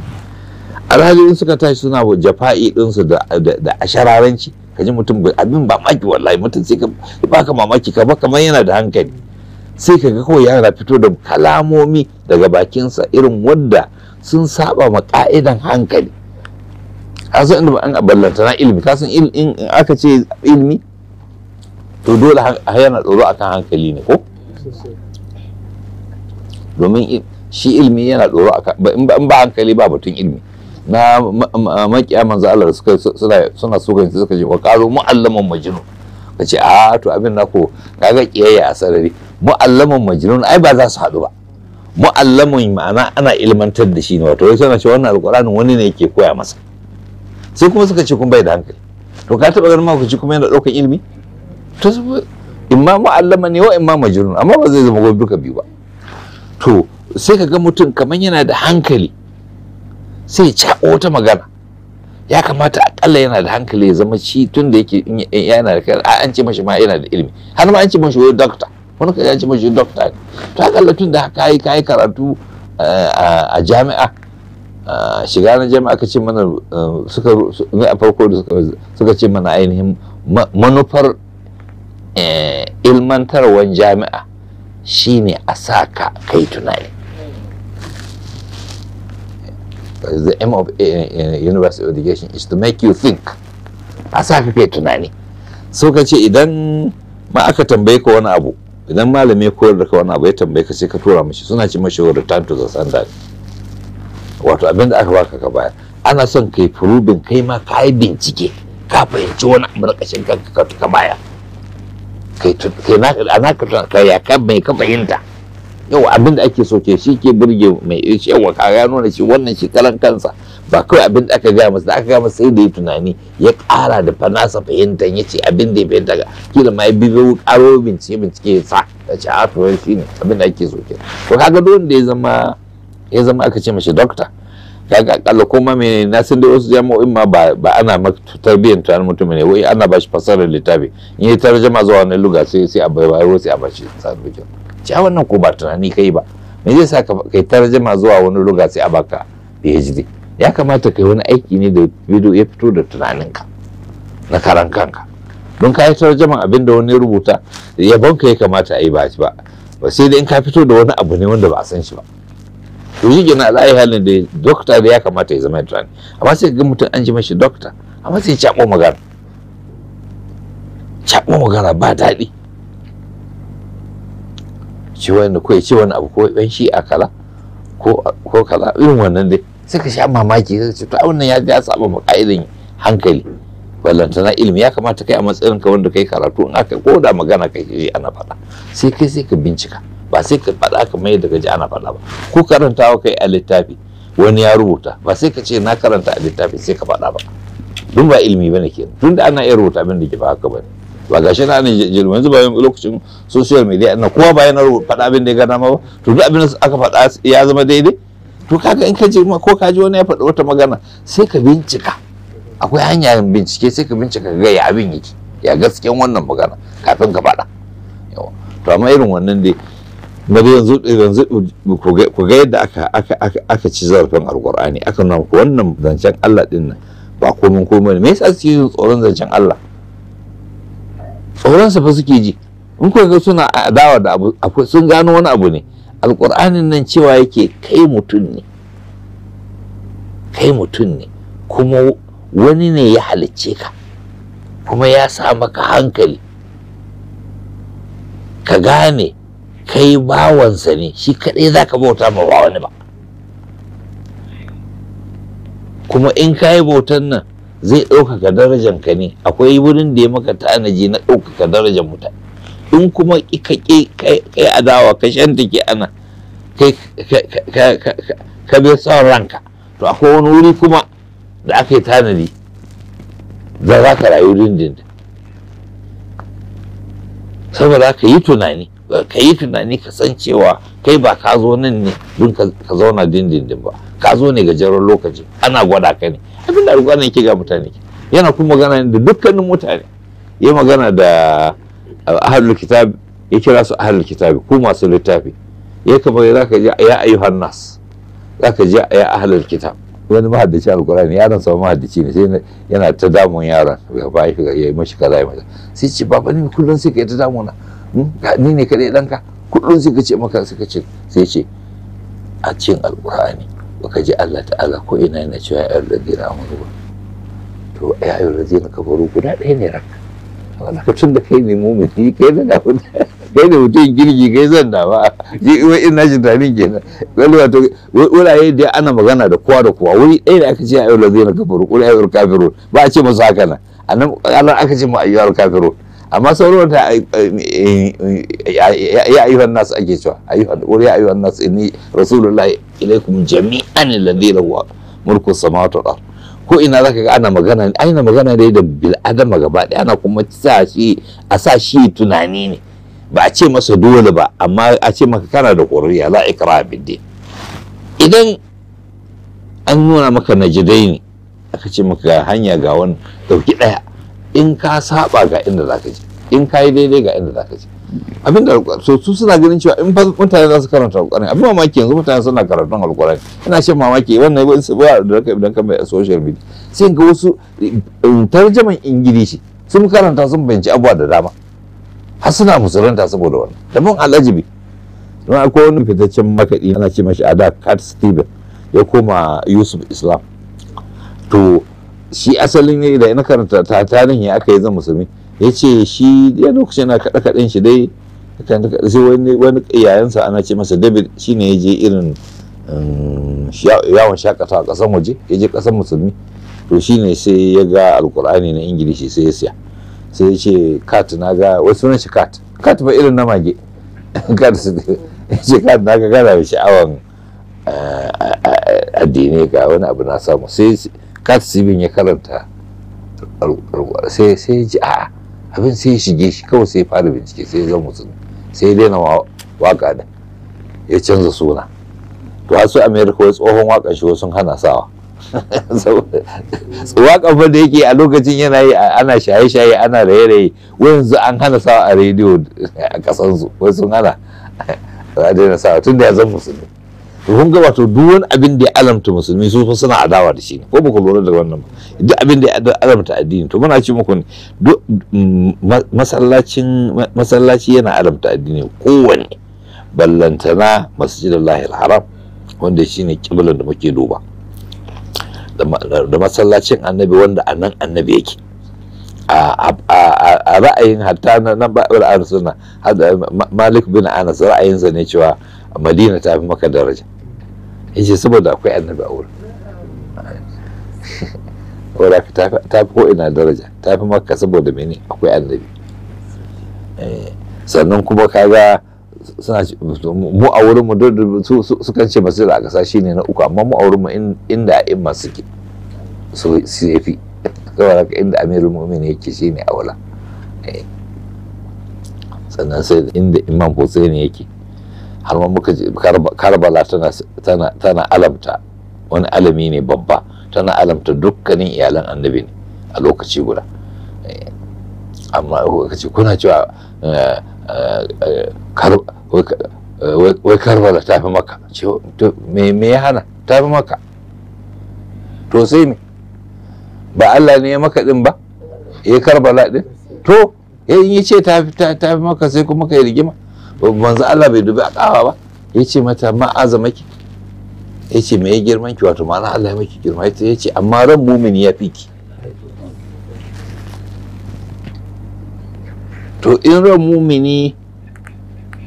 alhali in suka tashi suna jafa'i ɗinsu da ashararanci ka ji mutum abin ba maki wallahi mutum sai ka baka mamaki ka ba kamar yana da hankali sai ka ga kawai yara fito da kalamomi daga bakinsa irin wadda sun saba ma ka'idan hankali a san inda an ballanta na ilimi ka san in aka ce ilimi to dole yana tsoro akan hankali ne ko domin shi ilmi yana tsoro in ba hankali ba batun ilmi na makiya manzo Allah suka suna suna so ganin suka ce wa qalu mu'allaman majnun kace a ah, to abin nako kaga kiyayya a sarari mu'allaman majnun ai ba za su haɗu ba mu'allamin ma'ana ana ilmantar da shi ne wato wai na ce wannan alqur'ani wani ne yake koya masa sai kuma suka ce kun bai da hankali to ka taba ganin mahaukaci kuma yana ɗaukar ilmi? to imma mu'allama ne wa imma majnun amma ba zai zama gobe duka biyu ba to sai ka ga mutum kamar yana da hankali sai ya wata magana ya kamata akalla yana da hankali ya zama shi tun da yake yana da an ce mashi ma yana da ilimi har ma an ce mashi wani doctor wani ka an ce mashi doctor ne to akalla tun da ka yi karatu eh, a jami'a eh, shiga na jami'a ka ce mana eh, suka a farko da suka ce mana ainihin manufar ilmantarwar jami'a shine a sa ka kai tunani the aim of eh, eh, university education is to make you think a sa ka kai tunani so ka ce idan ma aka tambaye ka wani abu idan malami ya koyar da ka wani abu ya tambaye ka sai ka tura mashi suna ce mashi return to the standard wato abin da aka baka ka baya. ana son kai furubin kai ma ka yi bincike ka fahimci wani abu da kanka ka baya. kai a naka tunkaya kan mai ka fahimta yau abin da ake so ke shi ke burge mai eh, yawa ka ya nuna shi wannan shi kalan kansa ba kawai abin da aka gaya masa da aka gaya masa sai da ya tunani ya kara da fanasa fahimtar ya ce abin da ya fahimta ga kila ma ya bibiyo ƙaro bincike bincike ya sa da ce a ah, shi ne abin da ake so ke to kaga dole da ya zama ya zama aka ce mashi dokta kaga akalla kuma mene na san dai wasu jami'o'in ma ba ana maka tarbiyyar tunanin mutum ne wai ana bashi fasarar littafi in yi tarjama zuwa wani luga sai sai a bayar sai a bashi certificate ci wannan ko ba tunani kai ba me zai sa kai tarjama zuwa wani luga sai a baka PhD ya kamata kai wani aiki ne da bidiyo ya fito da tunaninka na karan kanka don ka yi tarjaman abin da wani rubuta yabonka ya kamata a yi ba ba sai dai in ka fito da wani abu ne wanda ba a san shi ba to shi kenan yi halin da dokta da ya kamata ya zama tunani amma sai ga mutum an ji mashi dokta amma sai cako magana cako magana ba daɗi ci wani ko ci wani abu ko ɗan shi a kala ko kala irin wannan dai sai ka sha mamaki ka ce to wannan ya ya saba ma ka'idan hankali ballantana ilimi ya kamata kai a matsayin ka wanda kai karatu in aka da magana kai ana faɗa sai kai sai ka bincika ba sai ka faɗa ka mai da ji ana faɗa ba ko wa kai a littafi wani ya rubuta ba sai ka ce na karanta a littafi sai ka faɗa ba dun ba ilimi bane kenan tunda ana iya rubuta abin da ke ba haka bane ba shi na ne jirgin yanzu bayan lokacin social media ina kowa bayan faɗa abin da ya gana ma ba to duk abin da aka faɗa ya zama daidai to kaga in ka ji ko ka ji wani ya faɗi wata magana sai ka bincika akwai hanya bincike sai ka bincika ga ya abin yake ya gaskiyan wannan magana kafin ka faɗa to amma irin wannan dai na yanzu yanzu ku ga yadda aka ci zarafin alqur'ani aka nuna muku wannan zancen Allah din nan ba komai komai me yasa suke yin tsoron zancen Allah tsoron sa fa suke ji in ku ga suna adawa da abu sun gano wani abu ne alqur'anin nan cewa yake kai mutum ne kai mutum ne kuma wani ne ya halicce ka kuma ya sa maka hankali ka gane kai bawansa ne shi kaɗai za ka bauta ma ba wani ba kuma in ka yi bautan nan zai ɗaukaka darajan ka ne akwai wurin da ya maka tanaji na ɗaukaka darajan mutane in kuma ka kai adawa ka shanta ke ana kai ka bi son ranka to akwai wani wuri kuma da aka yi tanadi da za ka rayu dindin saboda ka yi tunani ka yi tunani ka san cewa kai ba ka zo nan ne don ka zauna dindindin ba ka zo ne gajeren lokaci ana gwada ka ne abin da ruwa ne ke ga mutane yana kuma magana da dukkanin mutane ya magana da ahalul kitab ya kira su ahalul kitab ko masu littafi ya kama za ka je ya ayyuhan nas za ka je ya ahalul kitab wani mahaddaci alkurani yaron sa mahaddaci ne sai yana ta damun yaron ya ba shi ya yi mashi kaza ya mata sai ce baba ne kullum sai ka yi ta damuna Hmm? ni ne kaɗai ɗanka kullum suka ce maka suka ce sai ce a cikin alƙur'ani baka ji Allah ta'ala ko ina yana cewa ya ayyul ladina amanu ba to ya ayyul ladina kafaru guda ɗaya ne rak wala ka tun da kai ne mumini kai ne na kai ne mutum girgi kai zan da ba ji wai ina jin tarin kenan wani wato wurare da ana magana da kowa da kowa wuri ɗaya da aka ce ya ayyul ladina kafaru ko ya ayyul kafirun ba a ce masa haka nan anan aka ce mu ayyul kafiru amma sauran ta eh, eh, eh, ya ayyuhan nasu ake cewa ayyuhan wa ya ayyuhan nasu inni rasulullahi ilaikum jami'an alladhi lahu mulku samawati wal ko ina zaka ga ana magana ana magana ne da bil adama gaba ɗaya ana kuma sa a sa shi tunani ne ba a ce masa dole ba amma a ce maka kana da hurriya la ikra biddin idan an nuna maka najidai ne aka ce maka hanya ga wani dauki ɗaya in ka saba ga inda za ka je in ka yi daidai ga inda za ka je abinda so su suna ganin cewa in mutane za su karanta alƙur'ani abin mamaki yanzu mutane suna karatun alƙur'ani ina shan mamaki wannan yabo su ba da raka idan ka mai social media sai ga wasu um, tarjaman ingilishi sun karanta sun bayanci abuwa da dama har suna musulunta saboda wannan da mun alajibi don akwai wani fitaccen makaɗi ana ce mashi ada kat steven ya koma yusuf islam to shi asalin ne da na karanta ta tarihi aka yi zan musulmi ya ce shi ya lokacin na kaɗe kaɗen shi dai sai wani wani yayansa ana ce masa david shine ya je irin um, yawon shakata a ƙasan waje ya je ƙasan musulmi to shine sai ya ga alkur'ani na ingilishi sai ya siya sai ya ce kat na ga wasu sunan shi kat kat ba irin na mage kat su ya ce kat na ga gana mai sha'awan eh, addinai ga wani abu na samu sai sibin ya karanta sai sai ji a abin sai shige shi kawai sai fara bincike sai ya zama musulmi sai ya daina waka da ya canza suna to har su america wai tsohon waka shi sun hana sawa wakan fa da yake a lokacin yana yi ana shaye-shaye ana raye-raye wanzu an hana sawa a rediyo a kasansu wasu sun hana a daina sawa tun da ya zama musulmi to kun ga wato duk wani abin da ya alamta musulmi su fa suna adawa da shi ko baka lura da wannan ba duk abin da ya alamta addini to muna ce muku mm, masallacin masallaci yana alamta addini kowanne ballantana masjidullahi haram wanda shine kiblan da muke duba da masallacin annabi wanda a nan annabi yake a ra'ayin hatta na nan ba'ir suna malik bin anas ra'ayinsa ne cewa madina ta fi maka daraja yace saboda akwai annabi a wurin wadda ta fi ko'ina daraja ta fi maka saboda mene akwai annabi eh, sannan kuma kaga suna mu a wurin mu sukan ce masu da kasa shine na uku amma mu a wurin mu inda in masu ke su ya fi saboda ka inda amirul mu'min yake shine wula eh, sannan sai inda imam hussein yake har ma muka je karbala tana alamta wani alami ne babba tana alamta dukkanin iyalan annabi ne a lokaci guda eh, amma ka ce kuna cewa eh, eh, wai karbala ta fi maka me ya hana ta fi maka to sai ne ba Allah ne ya maka din ba ya karbala din to yayin yi ce ta fi maka sai kuma ka yi rigima manzo Allah bai dubi akawa ba ya ce mata ma'aza maki ya ce me ya girman ki wato ma'ana Allah ya maki girma ya ce amma ran mumin ya fi ki to in ran mumini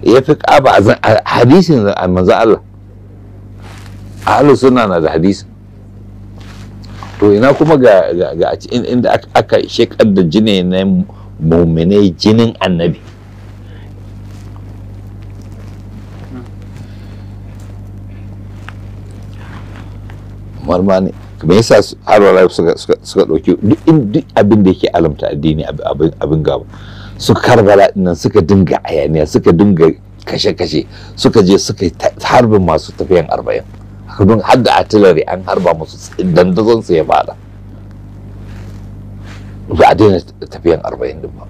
ya fi kaba a hadisin manzo Allah ahlu suna na da hadisin to ina kuma ga inda aka shekar da jini na muminai jinin annabi marma ne me yasa arwala suka suka dauki duk abin da yake alamta addini abin gaba su karbala nan suka dinga ayaniya suka dinga kashe-kashe suka je suka harbin masu tafiyan arba'in don har da artillery an harba musu dandazon su ya bada ba a daina tafiyan arba'in din ba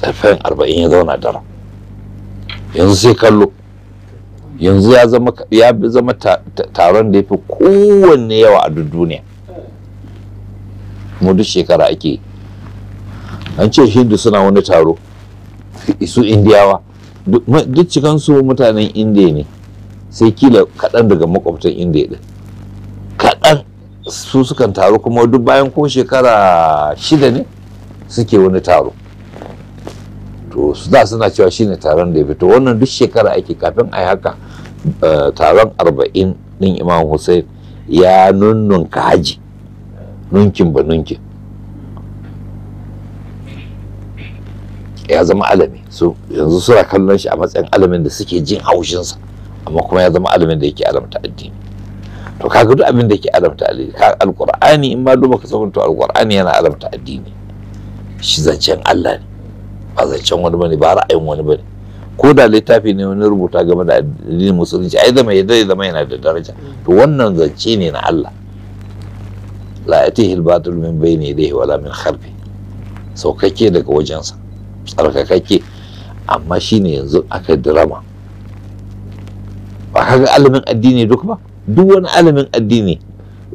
tafiyan arba'in ya zauna dara yanzu sai kallo yanzu ya zama ya zama taron da ya fi kowanne yawa a duniya mu duk shekara ake an ce hindu suna wani taro su indiyawa duk cikansu mutanen indiya ne sai kila kaɗan daga makwabtan indiya ɗin kaɗan su sukan taro kuma duk bayan ko shekara shida ne suke wani taro to da suna cewa shine taron da ya fito wannan duk shekara ake kafin a yi haka Eh, taron arba'in din imam hussein ya nunnun ka haji nunkin ba nunkin ya zama alami so yanzu suna kallon shi a matsayin alamin da suke jin haushinsa amma kuma ya zama alamin da yake alamta addini to kaga duk abin da yake alamta addini ka alqur'ani in ma duba ka sabon to alqur'ani yana alamta addini shi zancen Allah ne ba zancen wani bane ba ra'ayin wani bane ko da littafi ne wani rubuta game da addinin musulunci ai zama yadda zama yana da daraja to wannan zance ne na Allah la yatihi al-batil min bayni yadayhi wala min khalfi saukake daga wajensa tsarkakake amma shine yanzu aka drama ba kaga alamin addini duk ba duk wani alamin addini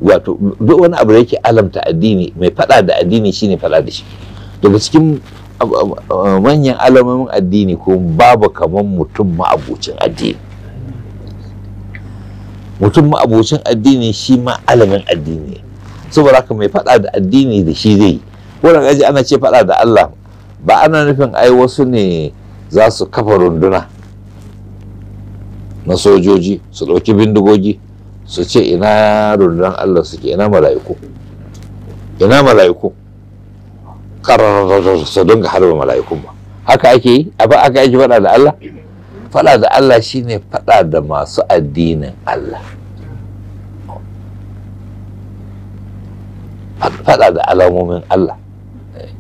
wato duk wani abu da yake alamta addini mai fada da addini shine fada da shi daga cikin manyan alamomin addini ko babu kamar mutum ma'abocin addini mutum ma'abocin addini shi ma alamin addini saboda haka mai faɗa da addini da shi zai wurin aji ana ce faɗa da Allah ba ana nufin ai wasu ne za su kafa runduna na sojoji su ɗauki bindigogi su ce ina rundunar Allah suke ina mala'iku ina mala'iku karar su dinga harba mala'ikun ba haka ake yi abin aka ake faɗa da Allah faɗa da Allah shine faɗa da masu addinin Allah faɗa da alamomin Allah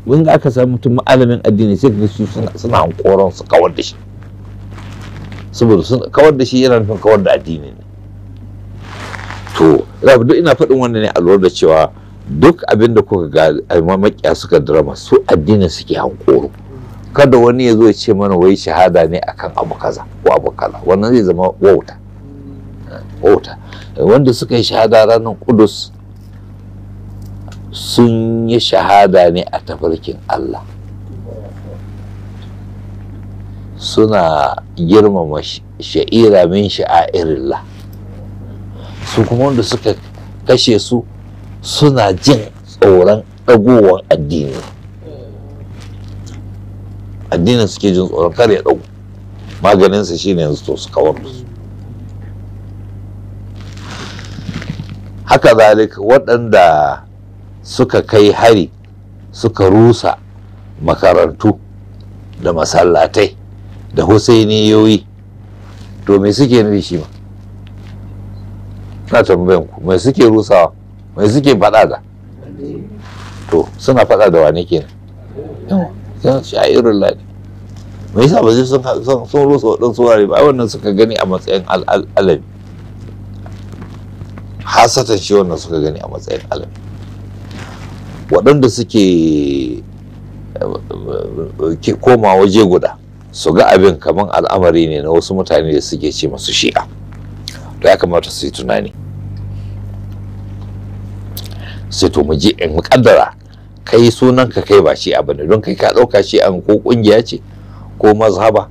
mun ga aka samu mutum alamin addini sai ga su suna hankoron su kawar da shi saboda sun kawar da shi yana nufin kawar da addini ne to duk ina faɗin wannan ne a lura da cewa duk abin da kuka ga makiya suka drama su addinin suke hankoro kada wani ya zo ya ce mana wai shahada ne akan abu kaza ko abu kaza wannan zai zama wauta wauta wanda suka yi shahada ranar kudus sun yi shahada ne a tafarkin Allah suna girmama sha'ira min sha'irillah su kuma wanda suka kashe su suna jin tsoron ɗagowar addini addinin suke jin tsoron kar ya ɗago maganinsa shine yanzu to su kawar da su haka zalika waɗanda suka kai hari suka rusa makarantu da masallatai da husainiyoyi to me suke nufi shi ma na tambayanku me suke rusawa mai suke faɗa da to suna faɗa da wane kenan yawan sha'irin ladi mai yasa ba zai sun rusa waɗansu suwari ba wannan suka gani a matsayin alabi hasatan shi wannan suka gani a matsayin alabi waɗanda suke ke koma waje guda su ga abin kamar al'amari ne na wasu mutane da suke ce masu shi'a da ya kamata su yi tunani sai to mu je in muƙaddara kai sunan ka kai ba shi abu ne don kai ka ɗauka shi an ko ƙungiya ce ko mazhaba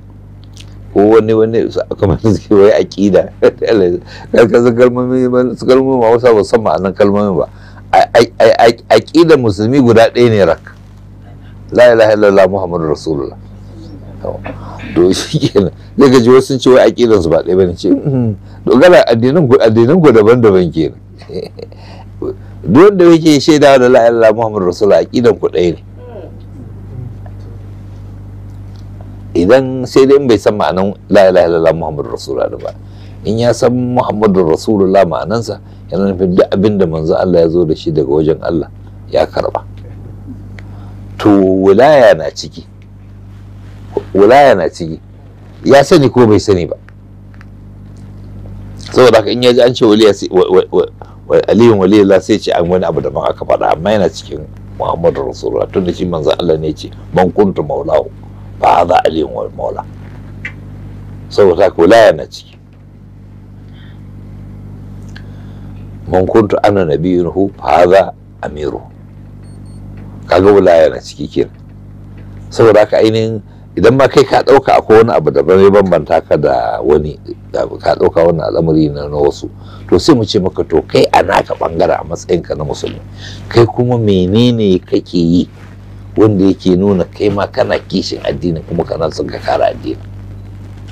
ko wani wani kamar suke wai aƙida ka su kalmomi su kalmomi ma wasa ba san ma'anar kalmomi ba aqida musulmi guda ɗaya ne rak la ilaha illallah muhammadu rasulullah to shi kenan zai gaji wasu sun ce wai aƙidar su ba ɗaya bane ce hmm, hmm, hmm. dogara addinan ku addinan daban-daban kenan duk wanda yake shaida da la ilaha muhammadu a aqidan ku ɗaya ne idan sai dai bai san ma'anan la ilaha illallah muhammadu rasulullah ba in ya san muhammadu rasulullah ma'anansa yana nufin duk abin da manzo Allah ya zo da shi daga wajen Allah ya karba to wilaya na ciki wilaya na ciki ya sani ko bai sani ba saboda haka in ya ji an ce waliya aliyun waliyullah sai ce an wani abu ban aka faɗa amma yana cikin muhammadu rasulullah tun da shi manzan allah ne ce man kuntu maulahu fa hadha aliyun wal maula saboda ko wilaya na ciki man kuntu ana nabiyuhu fa hadha amiru kaga wala na ciki kin? saboda ka ainihin idan ma kai ka ɗauka akwai wani abu daban ya bambanta ka da wani ka ɗauka wani al'amari na wasu to sai mu ce maka to kai a naka ɓangare a matsayinka na musulmi kai kuma menene kake yi wanda yake nuna kai ma kana kishin addini kuma kana son ka kara addini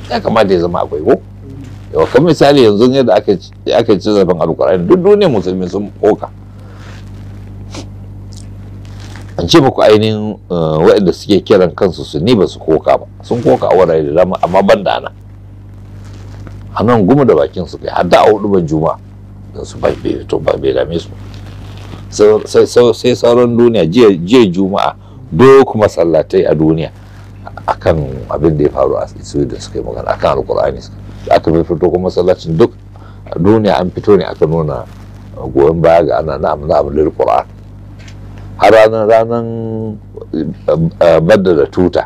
ya kamata ya zama akwai ko yawa kan misali yanzu yadda aka ci zaben alkur'ani duk duniyar musulmi sun koka an ce muku ainihin eh, waɗanda suke kiran kansu su ni ba su koka ba sun koka a wurare da dama amma ban da nan a nan da bakin su kai har a hudu ban juma don su ba bai dame su sai sauran duniya jiya juma'a duk masallatai a duniya akan abin da ya faru a da suka yi magana akan alkur'ani aka mai fito kuma masallacin duk duniya an fito ne aka nuna eh, goyon baya ga ana na na'am na'am lil qur'an A ranar ranar madda eh, eh, da tuta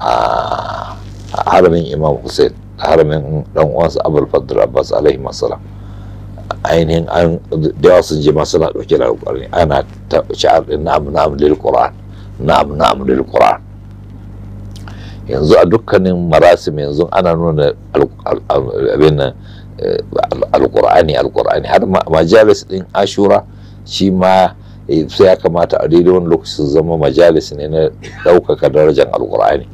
a haramin imam hussein haramin dan uwansa abul fadl abbas alaihi masalam ainihin an da yawa sun je ma suna dauke da alƙur'ani ana ta sha'ar din na'am na'am lil qur'an na'am na'am lil qur'an yanzu a dukkanin marasim yanzu ana nuna abin eh, al-qur'ani al-qur'ani har majalis din ashura shi ma Eh, sai ya kamata a daidai wani lokaci su zama majalis ne na ɗaukaka darajar alkur'ani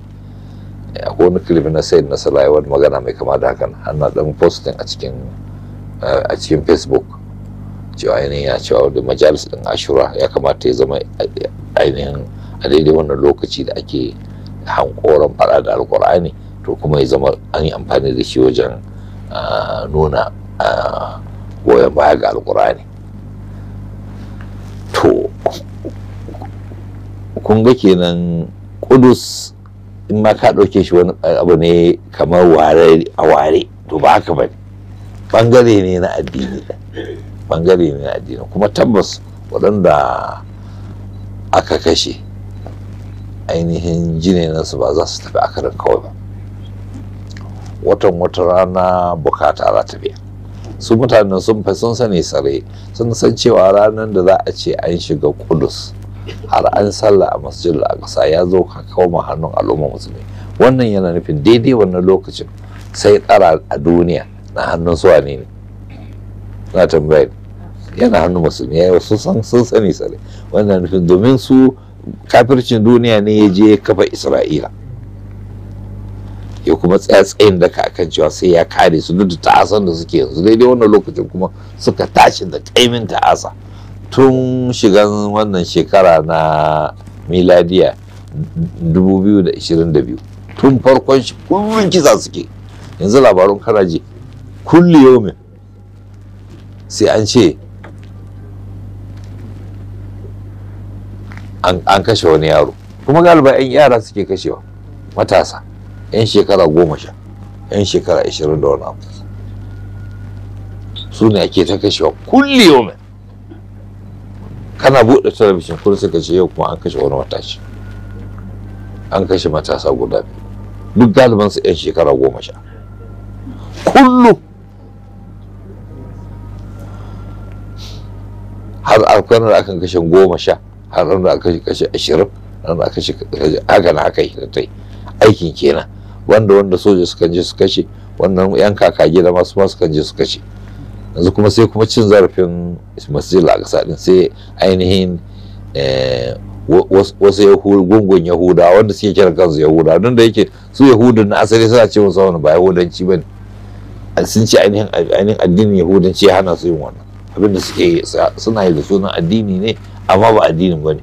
eh, akwai wani clip na said na salai wani magana mai kama da hakan ana ɗan posting a cikin eh, a cikin facebook cewa ainihin ya cewa da majalis ɗin ashura ya kamata ya zama ainihin a daidai wannan lokaci da ake hankoron fara da alkur'ani to kuma ya zama an yi amfani da shi wajen ah, nuna ah, goyon baya ga alkur'ani kun ga kenan kudus in ma ka ɗauke shi wani abu ne kamar ware a ware to ba haka ba bangare ne na addini bangare ne na addini kuma tabbas waɗanda aka kashe ainihin su ba za su tafi akarin kawai ba watan wata rana bukata za ta biya su mutanen sun fa sun sani tsare sun san cewa ranar da za a ce an shiga kudus har an sallah a masjid al-aqsa ya zo ka kawo hannun al'umma musulmi wannan yana nufin daidai wannan lokacin sai tsara a duniya na hannun su wane ne na tambayar yana hannun musulmi ya wasu san sun sani tsare wannan nufin domin su kafircin duniya ne ya je kafa isra'ila ya kuma tsaya tsayin daka akan cewa sai ya kare su duk da ta'asan da suke yanzu daidai wannan lokacin kuma suka tashi da kaimin ta'asa tun shigan wannan shekara na miladiya 2022 tun farkon shi kullum kisa suke yanzu labarun karaje kulli yomin sai an ce an kashe wani yaro kuma galiba 'yan yara suke kashewa matasa 'yan shekara goma sha 'yan shekara ashirin da wani abu su ne ake ta wa kulli yau kana buɗe talabijin kuma suka ce yau kuma an kashe wani matashi an kashe matasa guda biyu duk galiban su 'yan shekara goma sha kullum har a akan kashe goma sha har ranar aka kashe ashirin ranar aka kashe haka na haka yi aikin kenan wanda wanda soja suka je su kashe wannan yan kakage da masu masu kan je su kashe yanzu kuma sai kuma cin zarafin masu a ƙasa din sai ainihin eh, wasu gungun yahuda wanda suke kira kansu yahuda don da yake su yahuda na asali suna ce wasu wani ba yahudanci ba ne sun ce ainihin addinin yahudanci ya hana su yin wannan abinda suke suna yi da sunan addini ne amma ba addinin ba ne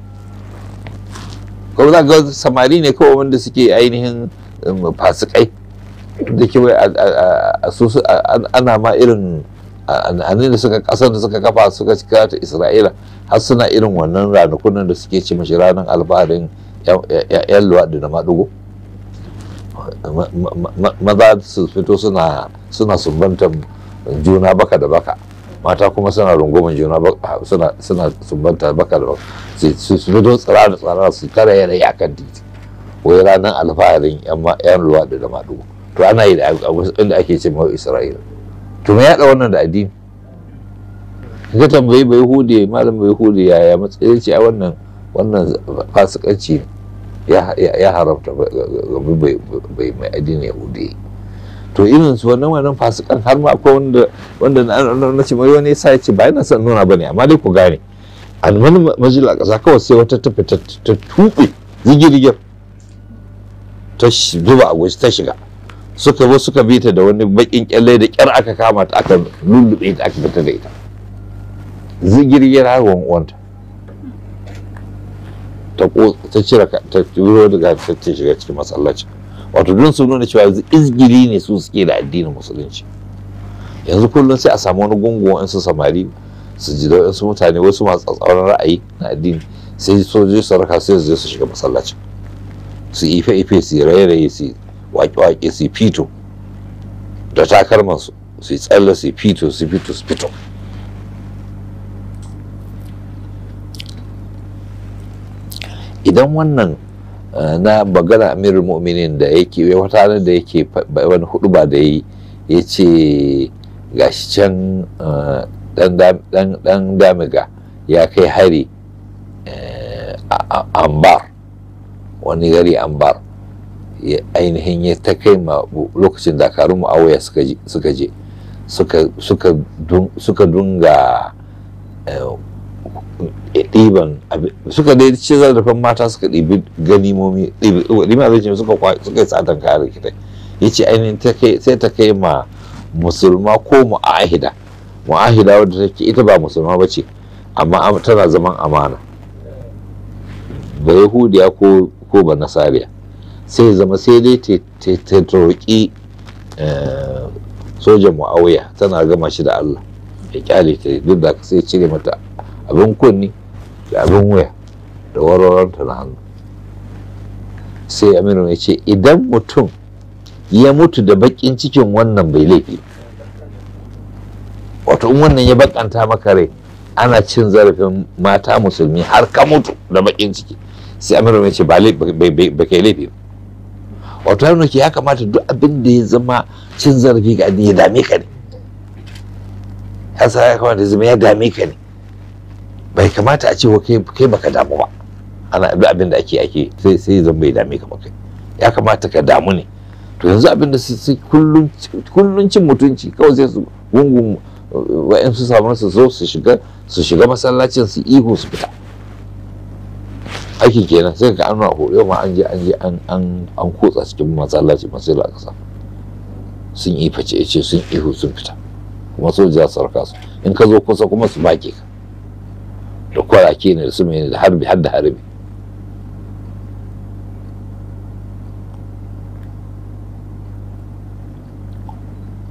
kuma za ga samari ne kawai wanda suke ainihin fasikai da ke wai ana ma irin annin da suka kasar da suka kafa suka cika ta isra'ila har suna irin wannan ranakun da suke ci mashi ranar alfaharin yan luwaɗi da maɗugo maza su fito suna sumbantar juna baka da baka mata kuma suna rungumin juna suna sumbanta baka da baka su fito tsara da tsara su tara yanayi akan titi wai ranar alfaharin yan luwaɗi da maɗu to ana yi da inda ake ce mawa Isra'il. to me yaɗa wannan da addini ka tambayi bai hude malam bai hude yaya matsayin ce a wannan wannan fasikanci ya haramta ga bai mai addini hude. to irin su wannan wannan fasikan har ma akwai wanda wanda na ce mai wani sa ya ce ba yana son nuna bane amma dai ku gane an wani majalisar ƙasa kawai sai wata ta fita ta tuɓe zigirgir ta zuba a gwaji ta shiga suka ba suka bi ta da wani bakin kyalle da kyar aka kama ta aka lullube ta aka fita da ita zigirgir haihuwan uwanta ta ta cire ta daga ta shiga cikin masallaci wato don su nuna cewa izgiri ne su suke da addinin musulunci yanzu kullum sai a samu wani gungu su samari su ji da wasu mutane wasu masu tsatsauran ra'ayi na addini sai sojoji su raka sai su je su shiga masallacin su ife-ife su raye-raye su waƙe-waƙe su fito da takalmansu su tsalle su fito su fito su fito idan wannan eh, na magana amirul mu'minin da yake wata da yake wani hudu ba da yi ya ce gashi can dan eh, damiga ya kai hari eh, ambar wani gari ambar ainihin ya ta kai ma lokacin dakarun mu'awaya suka je suka dunga eh, e, ɗiban suka dai ce zarafin mata suka ɗibi ganimomi ɗibi abinci suka yi tsadan kayan rikitai ya ce ainihin sai ta kai ma musulma ko mu'ahida mu'ahida wadda take ita ba musulma ba ce amma tana zaman amana ba yahudiya ko ko ba na nasariya sai zama sai dai ta roƙi eh, sojan mu'awiya tana gama shi da Allah ya kyale ta duk da sai cire mata abin kunni da abin waya da ta na hannu sai aminu ya ce idan mutum ya mutu da bakin cikin wannan bai laifi wato in wannan ya bakanta maka rai ana cin zarafin mata musulmi har ka mutu da baƙin ciki sai amiru ya ce ba kai laifi ba wato yana ke ya kamata duk abin da ya zama cin zarafi ga addini ya dame ka ne yasa ya kamata ya zama ya dame ka ne bai kamata a ce wa kai baka damu ba ana duk abin da ake ake sai sai zan bai dame ka ba ya kamata ka damu ne to yanzu abin da su kullun cin mutunci kawai sai su gungun wa'yansu su zo su shiga su shiga masallacin su ihu su fita aiki kenan sai ka an ko yau ma an je an je an an an kotsa cikin matsalaci masu la kasa sun yi fice ce sun ihu sun fita kuma soja su raka su in ka zo kusa kuma su baki ka da kwaraki ne da su mai da harbi har da harbi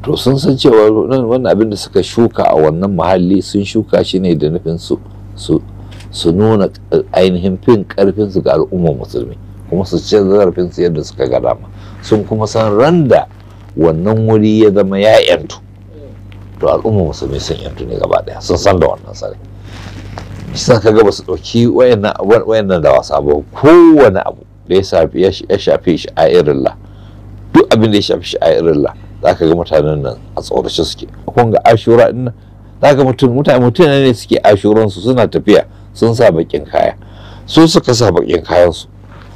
to sun san cewa wannan abin da suka shuka a wannan muhalli sun shuka shi ne da nufin su su su nuna eh, ainihin fin karfinsu ga al'ummar musulmi kuma su ci zarafinsu yadda suka ga dama sun kuma san randa wannan wuri ya zama ya yantu to al'ummar musulmi sun yantu ne gaba daya sun san da wannan sare shi ka ga ba su ɗauki wayannan da wasa ba kowane abu da ya shafi shi a irin la duk abin da ya shafi shi a irin la za ka ga mutanen nan a tsorace suke kun ga ashura din nan za ka mutum mutane ne suke ashuransu suna tafiya sun sa bakin kaya su suka sa bakin kayansu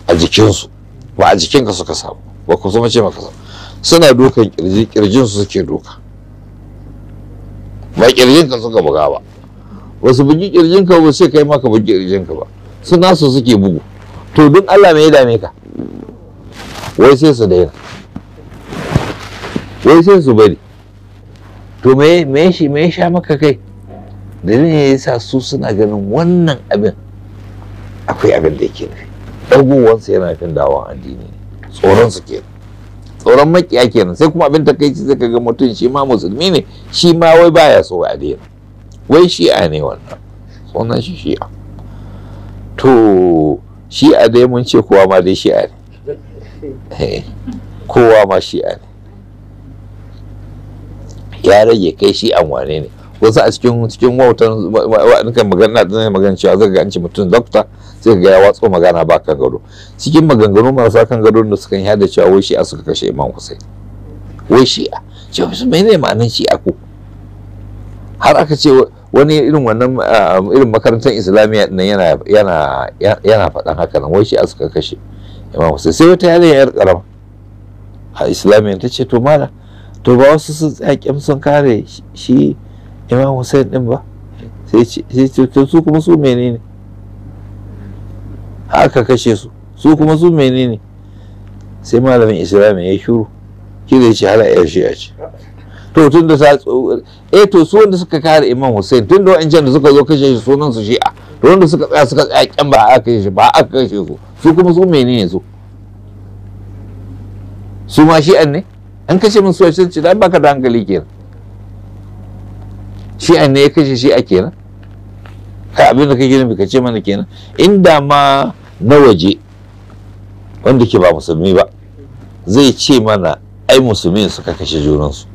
a jikinsu ba a jikinka suka sa ba ku zama ce maka sa suna dukan kirji kirjin su suke doka. ba kirjin ka suka buga ba wasu bugi kirjin ka ba sai kai maka bugi kirjin ka ba suna su suke bugu to duk Allah mai ya dame ka wai sai su daina wai sai su bari to me me shi me sha maka kai dalilin ya sa su suna ganin wannan abin akwai abin da yake nufi ɗagowansa yana nufin dawon addini tsoron su ke tsoron makiya kenan sai kuma abin takaici sai ka ga mutum shi ma musulmi ne shi ma wai baya so a daina wai shi'a ne wannan sunan shi shi'a to shi'a dai mun ce kowa ma dai shi'a ne eh, kowa ma shi'a ne ya rage kai shi'an wane ne wasu a cikin cikin wautan kan magana da magana cewa zaka ga mutum dokta sai ga ya watso magana ba kan gado cikin maganganu marasa kan gado da suka yi da cewa wai a suka kashe Imam Hussein wai shi'a cewa su ma'anan shi a ko har aka ce wani irin wannan ah, irin makarantar islamiyya din yana yana yana faɗan haka nan wai a suka kashe Imam Hussein sai wata yarinya yar karama a islamiyya ta ce to mala to ba wasu sun tsaya kyam sun kare shi imam hussein din ba sai ce to su kuma su menene haka kashe su su kuma su menene sai malamin islam ya shuru ki zai ce hala yar shi'a ce to tun da eh to su wanda suka kare imam hussein tun da wa'ancan da suka zo kashe shi sunan su shi'a to wanda suka tsaya suka tsaya kyan ba aka kashe shi ba aka kashe su su kuma su menene su su ma shi'an ne an kashe min su a cikin ba ka da hankali kenan shi an ne ya kashe shi a kenan kai abin da kake nufi ka ce mana kenan inda ma na waje wanda ke ba musulmi ba zai ce mana ai musulmi suka kashe junansu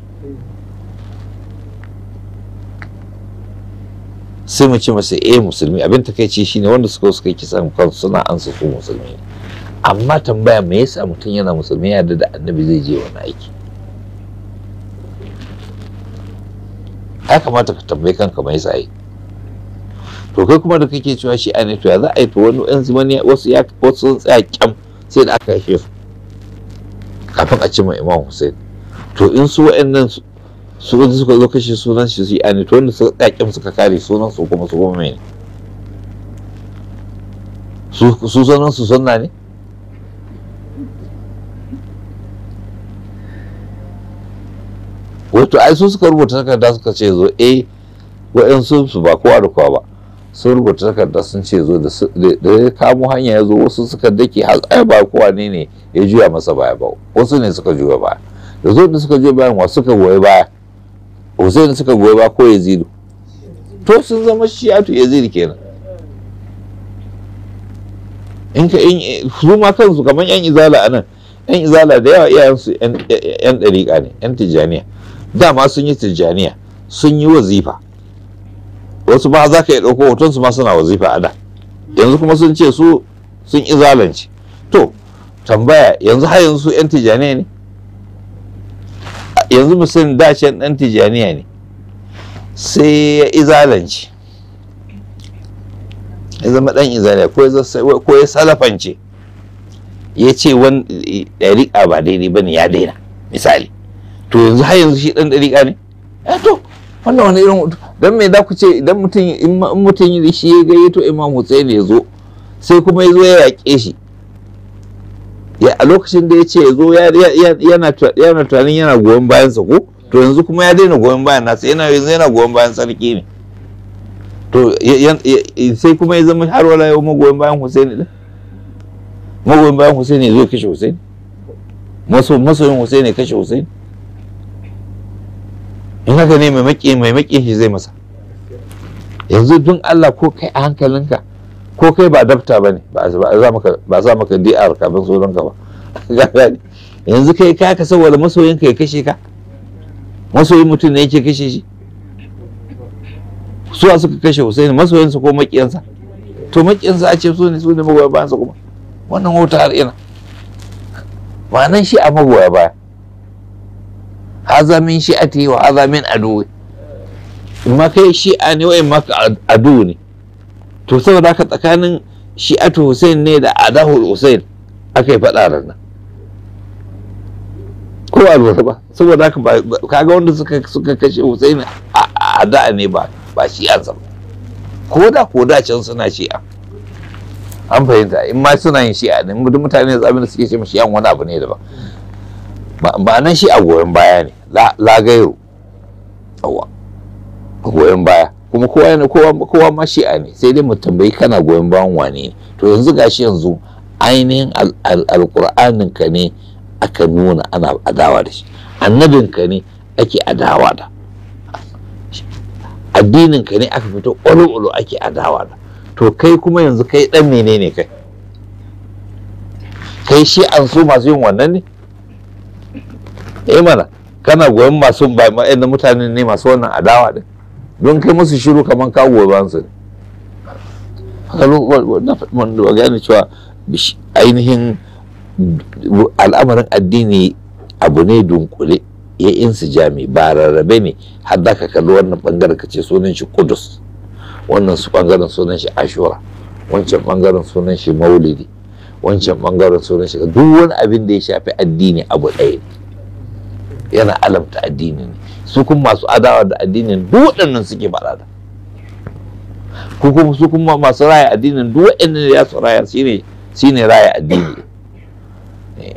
sai mu ce masa eh musulmi abin ta kai shine wanda suka suka kisan kansu suna an su musulmi amma tambaya me yasa mutum yana musulmi ya da annabi zai je wani aiki ya kamata ka tambayi kanka mai tsaye to kai kuma da kake cewa shi a to ya za a yi to wani yan zuma ne wasu ya wasu sun tsaya kyam sai da aka haife su kafin a ce ma imam hussein to in su wa'annan su wanda suka zo kashe sunan shi su yi to wanda suka tsaya kyam suka kare sunan su kuma su kuma mai ne su sunan su sunna ne wato ai su suka rubuta takarda suka ce zo eh waɗansu su ba da kowa ba sun rubuta takarda sun ce zo da ya kamo hanya ya zo wasu suka dake har ai ba kowa ne ne ya juya masa baya ba wasu ne suka juya baya da zo da suka juya bayan wa suka goyi baya ne suka goyi baya ko Yazidu to sun zama ya Yazidu kenan in ka in su ma kansu kamar yan izala anan yan izala da yawa iyayensu yan dariƙa ne yan tijjaniya dama sun yi tijjaniya sun yi wazifa wasu ba za ka yi ɗauko su ma suna wazifa a da yanzu kuma sun ce su sun izalanci to tambaya yanzu har yanzu su 'yan tijjaniya ne yanzu musulun dacen ɗan tijjaniya ne sai ya izalanci ya zama ɗan izaliya ko ya salafance ya ce wani ɗariƙa ba daidai ba ne ya daina misali to yanzu har yanzu shi dan dariƙa ne eh to wannan wani irin dan me za ku ce idan mutum in mutum shi ya gayyato Imam Hussein ya zo sai kuma ya zo ya yaƙe shi ya a lokacin da ya ce ya zo yana tunanin yana goyon bayan sa ko to yanzu kuma ya daina goyon bayan nasa yana yanzu yana goyon bayan sarki ne to sai kuma ya zama har wala yau magoyin bayan Hussein din magoyin bayan Hussein ya zo kashe Hussein masoyin Hussein ya kashe Hussein in haka ne mai maƙe mai maƙe shi zai masa yanzu dun Allah ko kai a hankalinka ko kai ba dafta ba ne ba za maka DR kafin ka ba yanzu kai ka ka saboda masoyinka ya kashe ka masoyin mutum ne yake kashe shi su suka kashe Hussein masoyinsa ko maƙiyansa to maƙiyansa a ce su ne su ne magoya bayansa kuma wannan wata har ina ma'anan shi a magoya baya haza min shi'ati wa hazamin min aduwi in ma kai shi'a ne wa in ma ka adu ne to saboda haka tsakanin shi'atu Hussein ne da adahu Hussein aka yi faɗa ranar ko a alwara ba saboda haka kaga wanda suka kashe Hussein a da ne ba ba shi'a ba ko da ko da can suna shi'a an fahimta in ma suna yin shi'a ne mutane da abin da suke ce shi'an wani abu ne daban ma'anan shi a goyon baya ne lagayo yawa a goyon baya kuma kowa ma shi'a ne sai dai mu tambayi kana goyon bayan wane ne to yanzu gashi yanzu ainihin alkur'anin ka ne aka nuna ana adawa da shi annabin ka ne ake adawa da addinin ka ne aka fito ƙwalo ake adawa da to kai kuma yanzu kai ɗan menene kai kai shi an so masu yin wannan ne eh mana kana goyon masu ba ma'aikatan mutane ne masu wannan adawa din don kai musu shiru kamar ka goyon su na gane cewa ainihin al'amarin addini abu ne dunkule ya insu jami ba rarrabe ne har da ka kalli wannan bangaren ka ce sunan shi kudus wannan su bangaren sunan shi ashura wancan bangaren sunan shi maulidi wancan bangaren sunan shi duk wani abin da ya shafi addini abu ɗaya ne yana alamta addini ne su kuma masu adawa da addinin duk waɗannan suke faɗa da ko kuma su kuma masu raya addinin duk waɗannan ya su raya shine shine raya addini eh,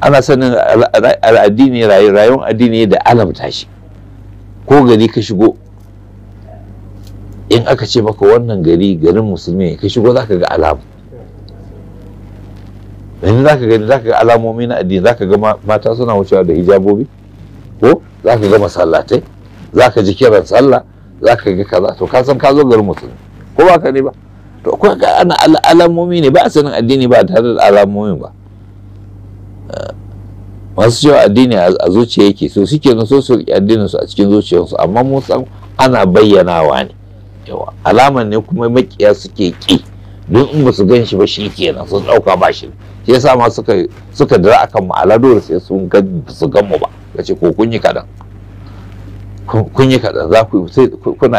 ana sanin al'addini rayuwar addini da alamta shi ko gari ka shigo in aka ce maka wannan gari garin musulmi ka shigo zaka ga alamu yanzu ka ga ka ga alamomi na addini Za ka ga mata suna wucewa da hijabobi ko za ka ga masallatai Za ka ji kiran sallah Za ka ga kaza to ka san ka zo garin musulmi ko ba ka ne ba to ko ga ana alamomi ne ba a sanin addini ba tare da alamomi ba eh, masu cewa addini a zuciya yake so suke na so su addinin su a cikin zuciyarsu amma mun san ana bayyanawa ne yawa alaman ne kuma makiya suke ki don in ba su gan shi ba shi kenan sun ɗauka ba shi shi yasa ma suka suka dira akan mu alado sai sun ga su gan mu ba kace ko kun yi kadan kun yi kadan za ku sai kuna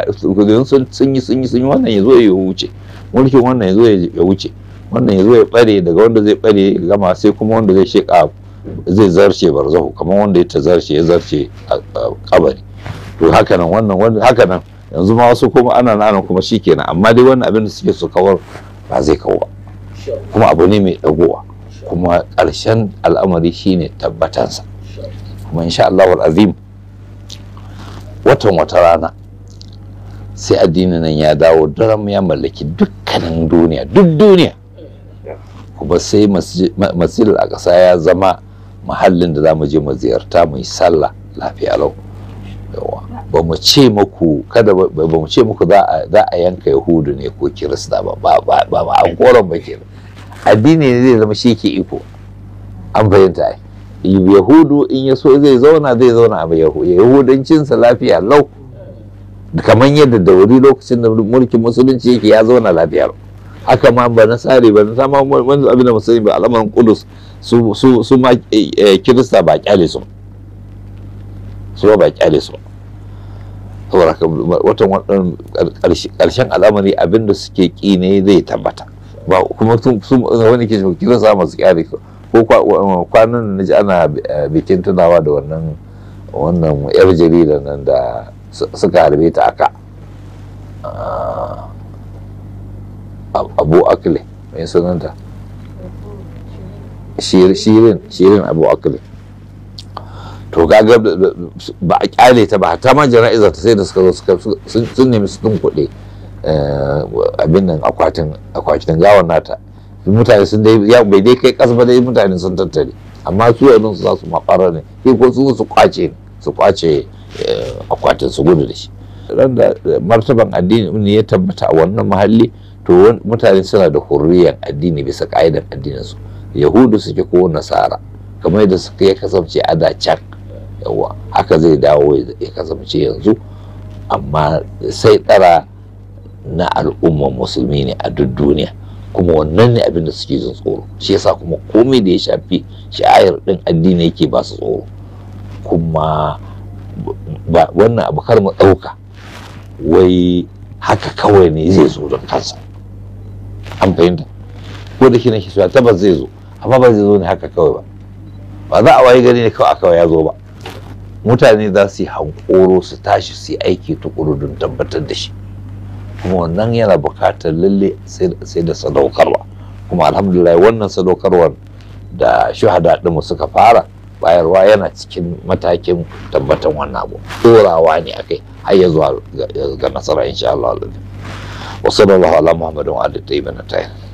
sun sun yi sun yi sun yi wannan yazo ya wuce mulkin wannan yazo ya wuce wannan yazo ya bare daga wanda zai bare gama sai kuma wanda zai sheka zai zarce barzahu kamar wanda ya ta zarce ya zarce kabari to haka nan wannan haka nan yanzu ma wasu kuma ana nan kuma shikenan amma dai wannan abin da suke su kawar ba zai kawo ba kuma abu ne mai dagowa kuma ƙarshen al'amari shine tabbatansa kuma insha Allah azim watan wata rana sai addinin nan ya dawo daren ya mallaki dukkanin duniya duk duniya kuma sai masjid a ƙasa ya zama mahallin da za muje je mu ziyarta mu yi sallah lafiya lau ba mu ce muku kada ba mu ce muku za a yanka yahudu ne ko kirista ba ba ba ba ba ba ba addini ne zai zama shi ke iko an fahimta yahudu in ya so zai zauna zai zauna a yahudancinsa lafiya lau kamar yadda da wuri lokacin da mulkin musulunci yake ya zauna lafiya haka ma ba na sare ba na sama wani abin da musulmi ba alaman kudus su ma eh, eh, kirista ba kyale su su ba kyale su saboda watan ƙarshen al'amari abin da suke ƙi zai tabbata ba kuma sun wani ke shi kira sa masu kyale ko kwanan na ji ana eh, bikin tunawa da wannan wannan yar jarida nan da suka harbe ta aka ah, abu akile mai sunanta shirin shirin abu akile to kaga ba a kyale ta ba ta ma jana'izar ta sai da suka zo sun nemi su kuɗi Eh, abin nan akwatin akwatin gawar nata mutane sun dai ya bai dai kai kasa ba dai mutane sun tattare amma su yanzu su za su makara ne sai ko su su kwace su kwace eh, akwatin su gudu da shi ran da martaban addini ne ya tabbata a wannan mahalli to mutane suna da hurriyar addini bisa ka'idar addinin su yahudu suke ko nasara kamar yadda suka ya kasance a da yawa haka zai dawo ya kasance yanzu amma sai tsara na al'umman musulmi ne a duk duniya kuma wannan ne abin da suke jin tsoro shi yasa kuma komai da ya shafi sha'ayar din addini yake ba su tsoro kuma wannan abu kar mu ɗauka wai haka kawai ne zai zo don kansa an fahimta ko da shi ne shi tabbas zai zo amma ba zai zo ne haka kawai ba ba za a waye gari ne kawai aka ya zo ba mutane za su yi hankoro su tashi su yi aiki tukuru don tabbatar da shi kuma wannan yana buƙatar lalle sai da sadaukarwa kuma alhamdulillah wannan sadaukarwar da shuhada mu suka fara bayarwa yana cikin matakin tabbatar wannan abu dorawa ne akai har ya zuwa ga nasara insha Allah wa sallallahu ala muhammadin wa alihi wa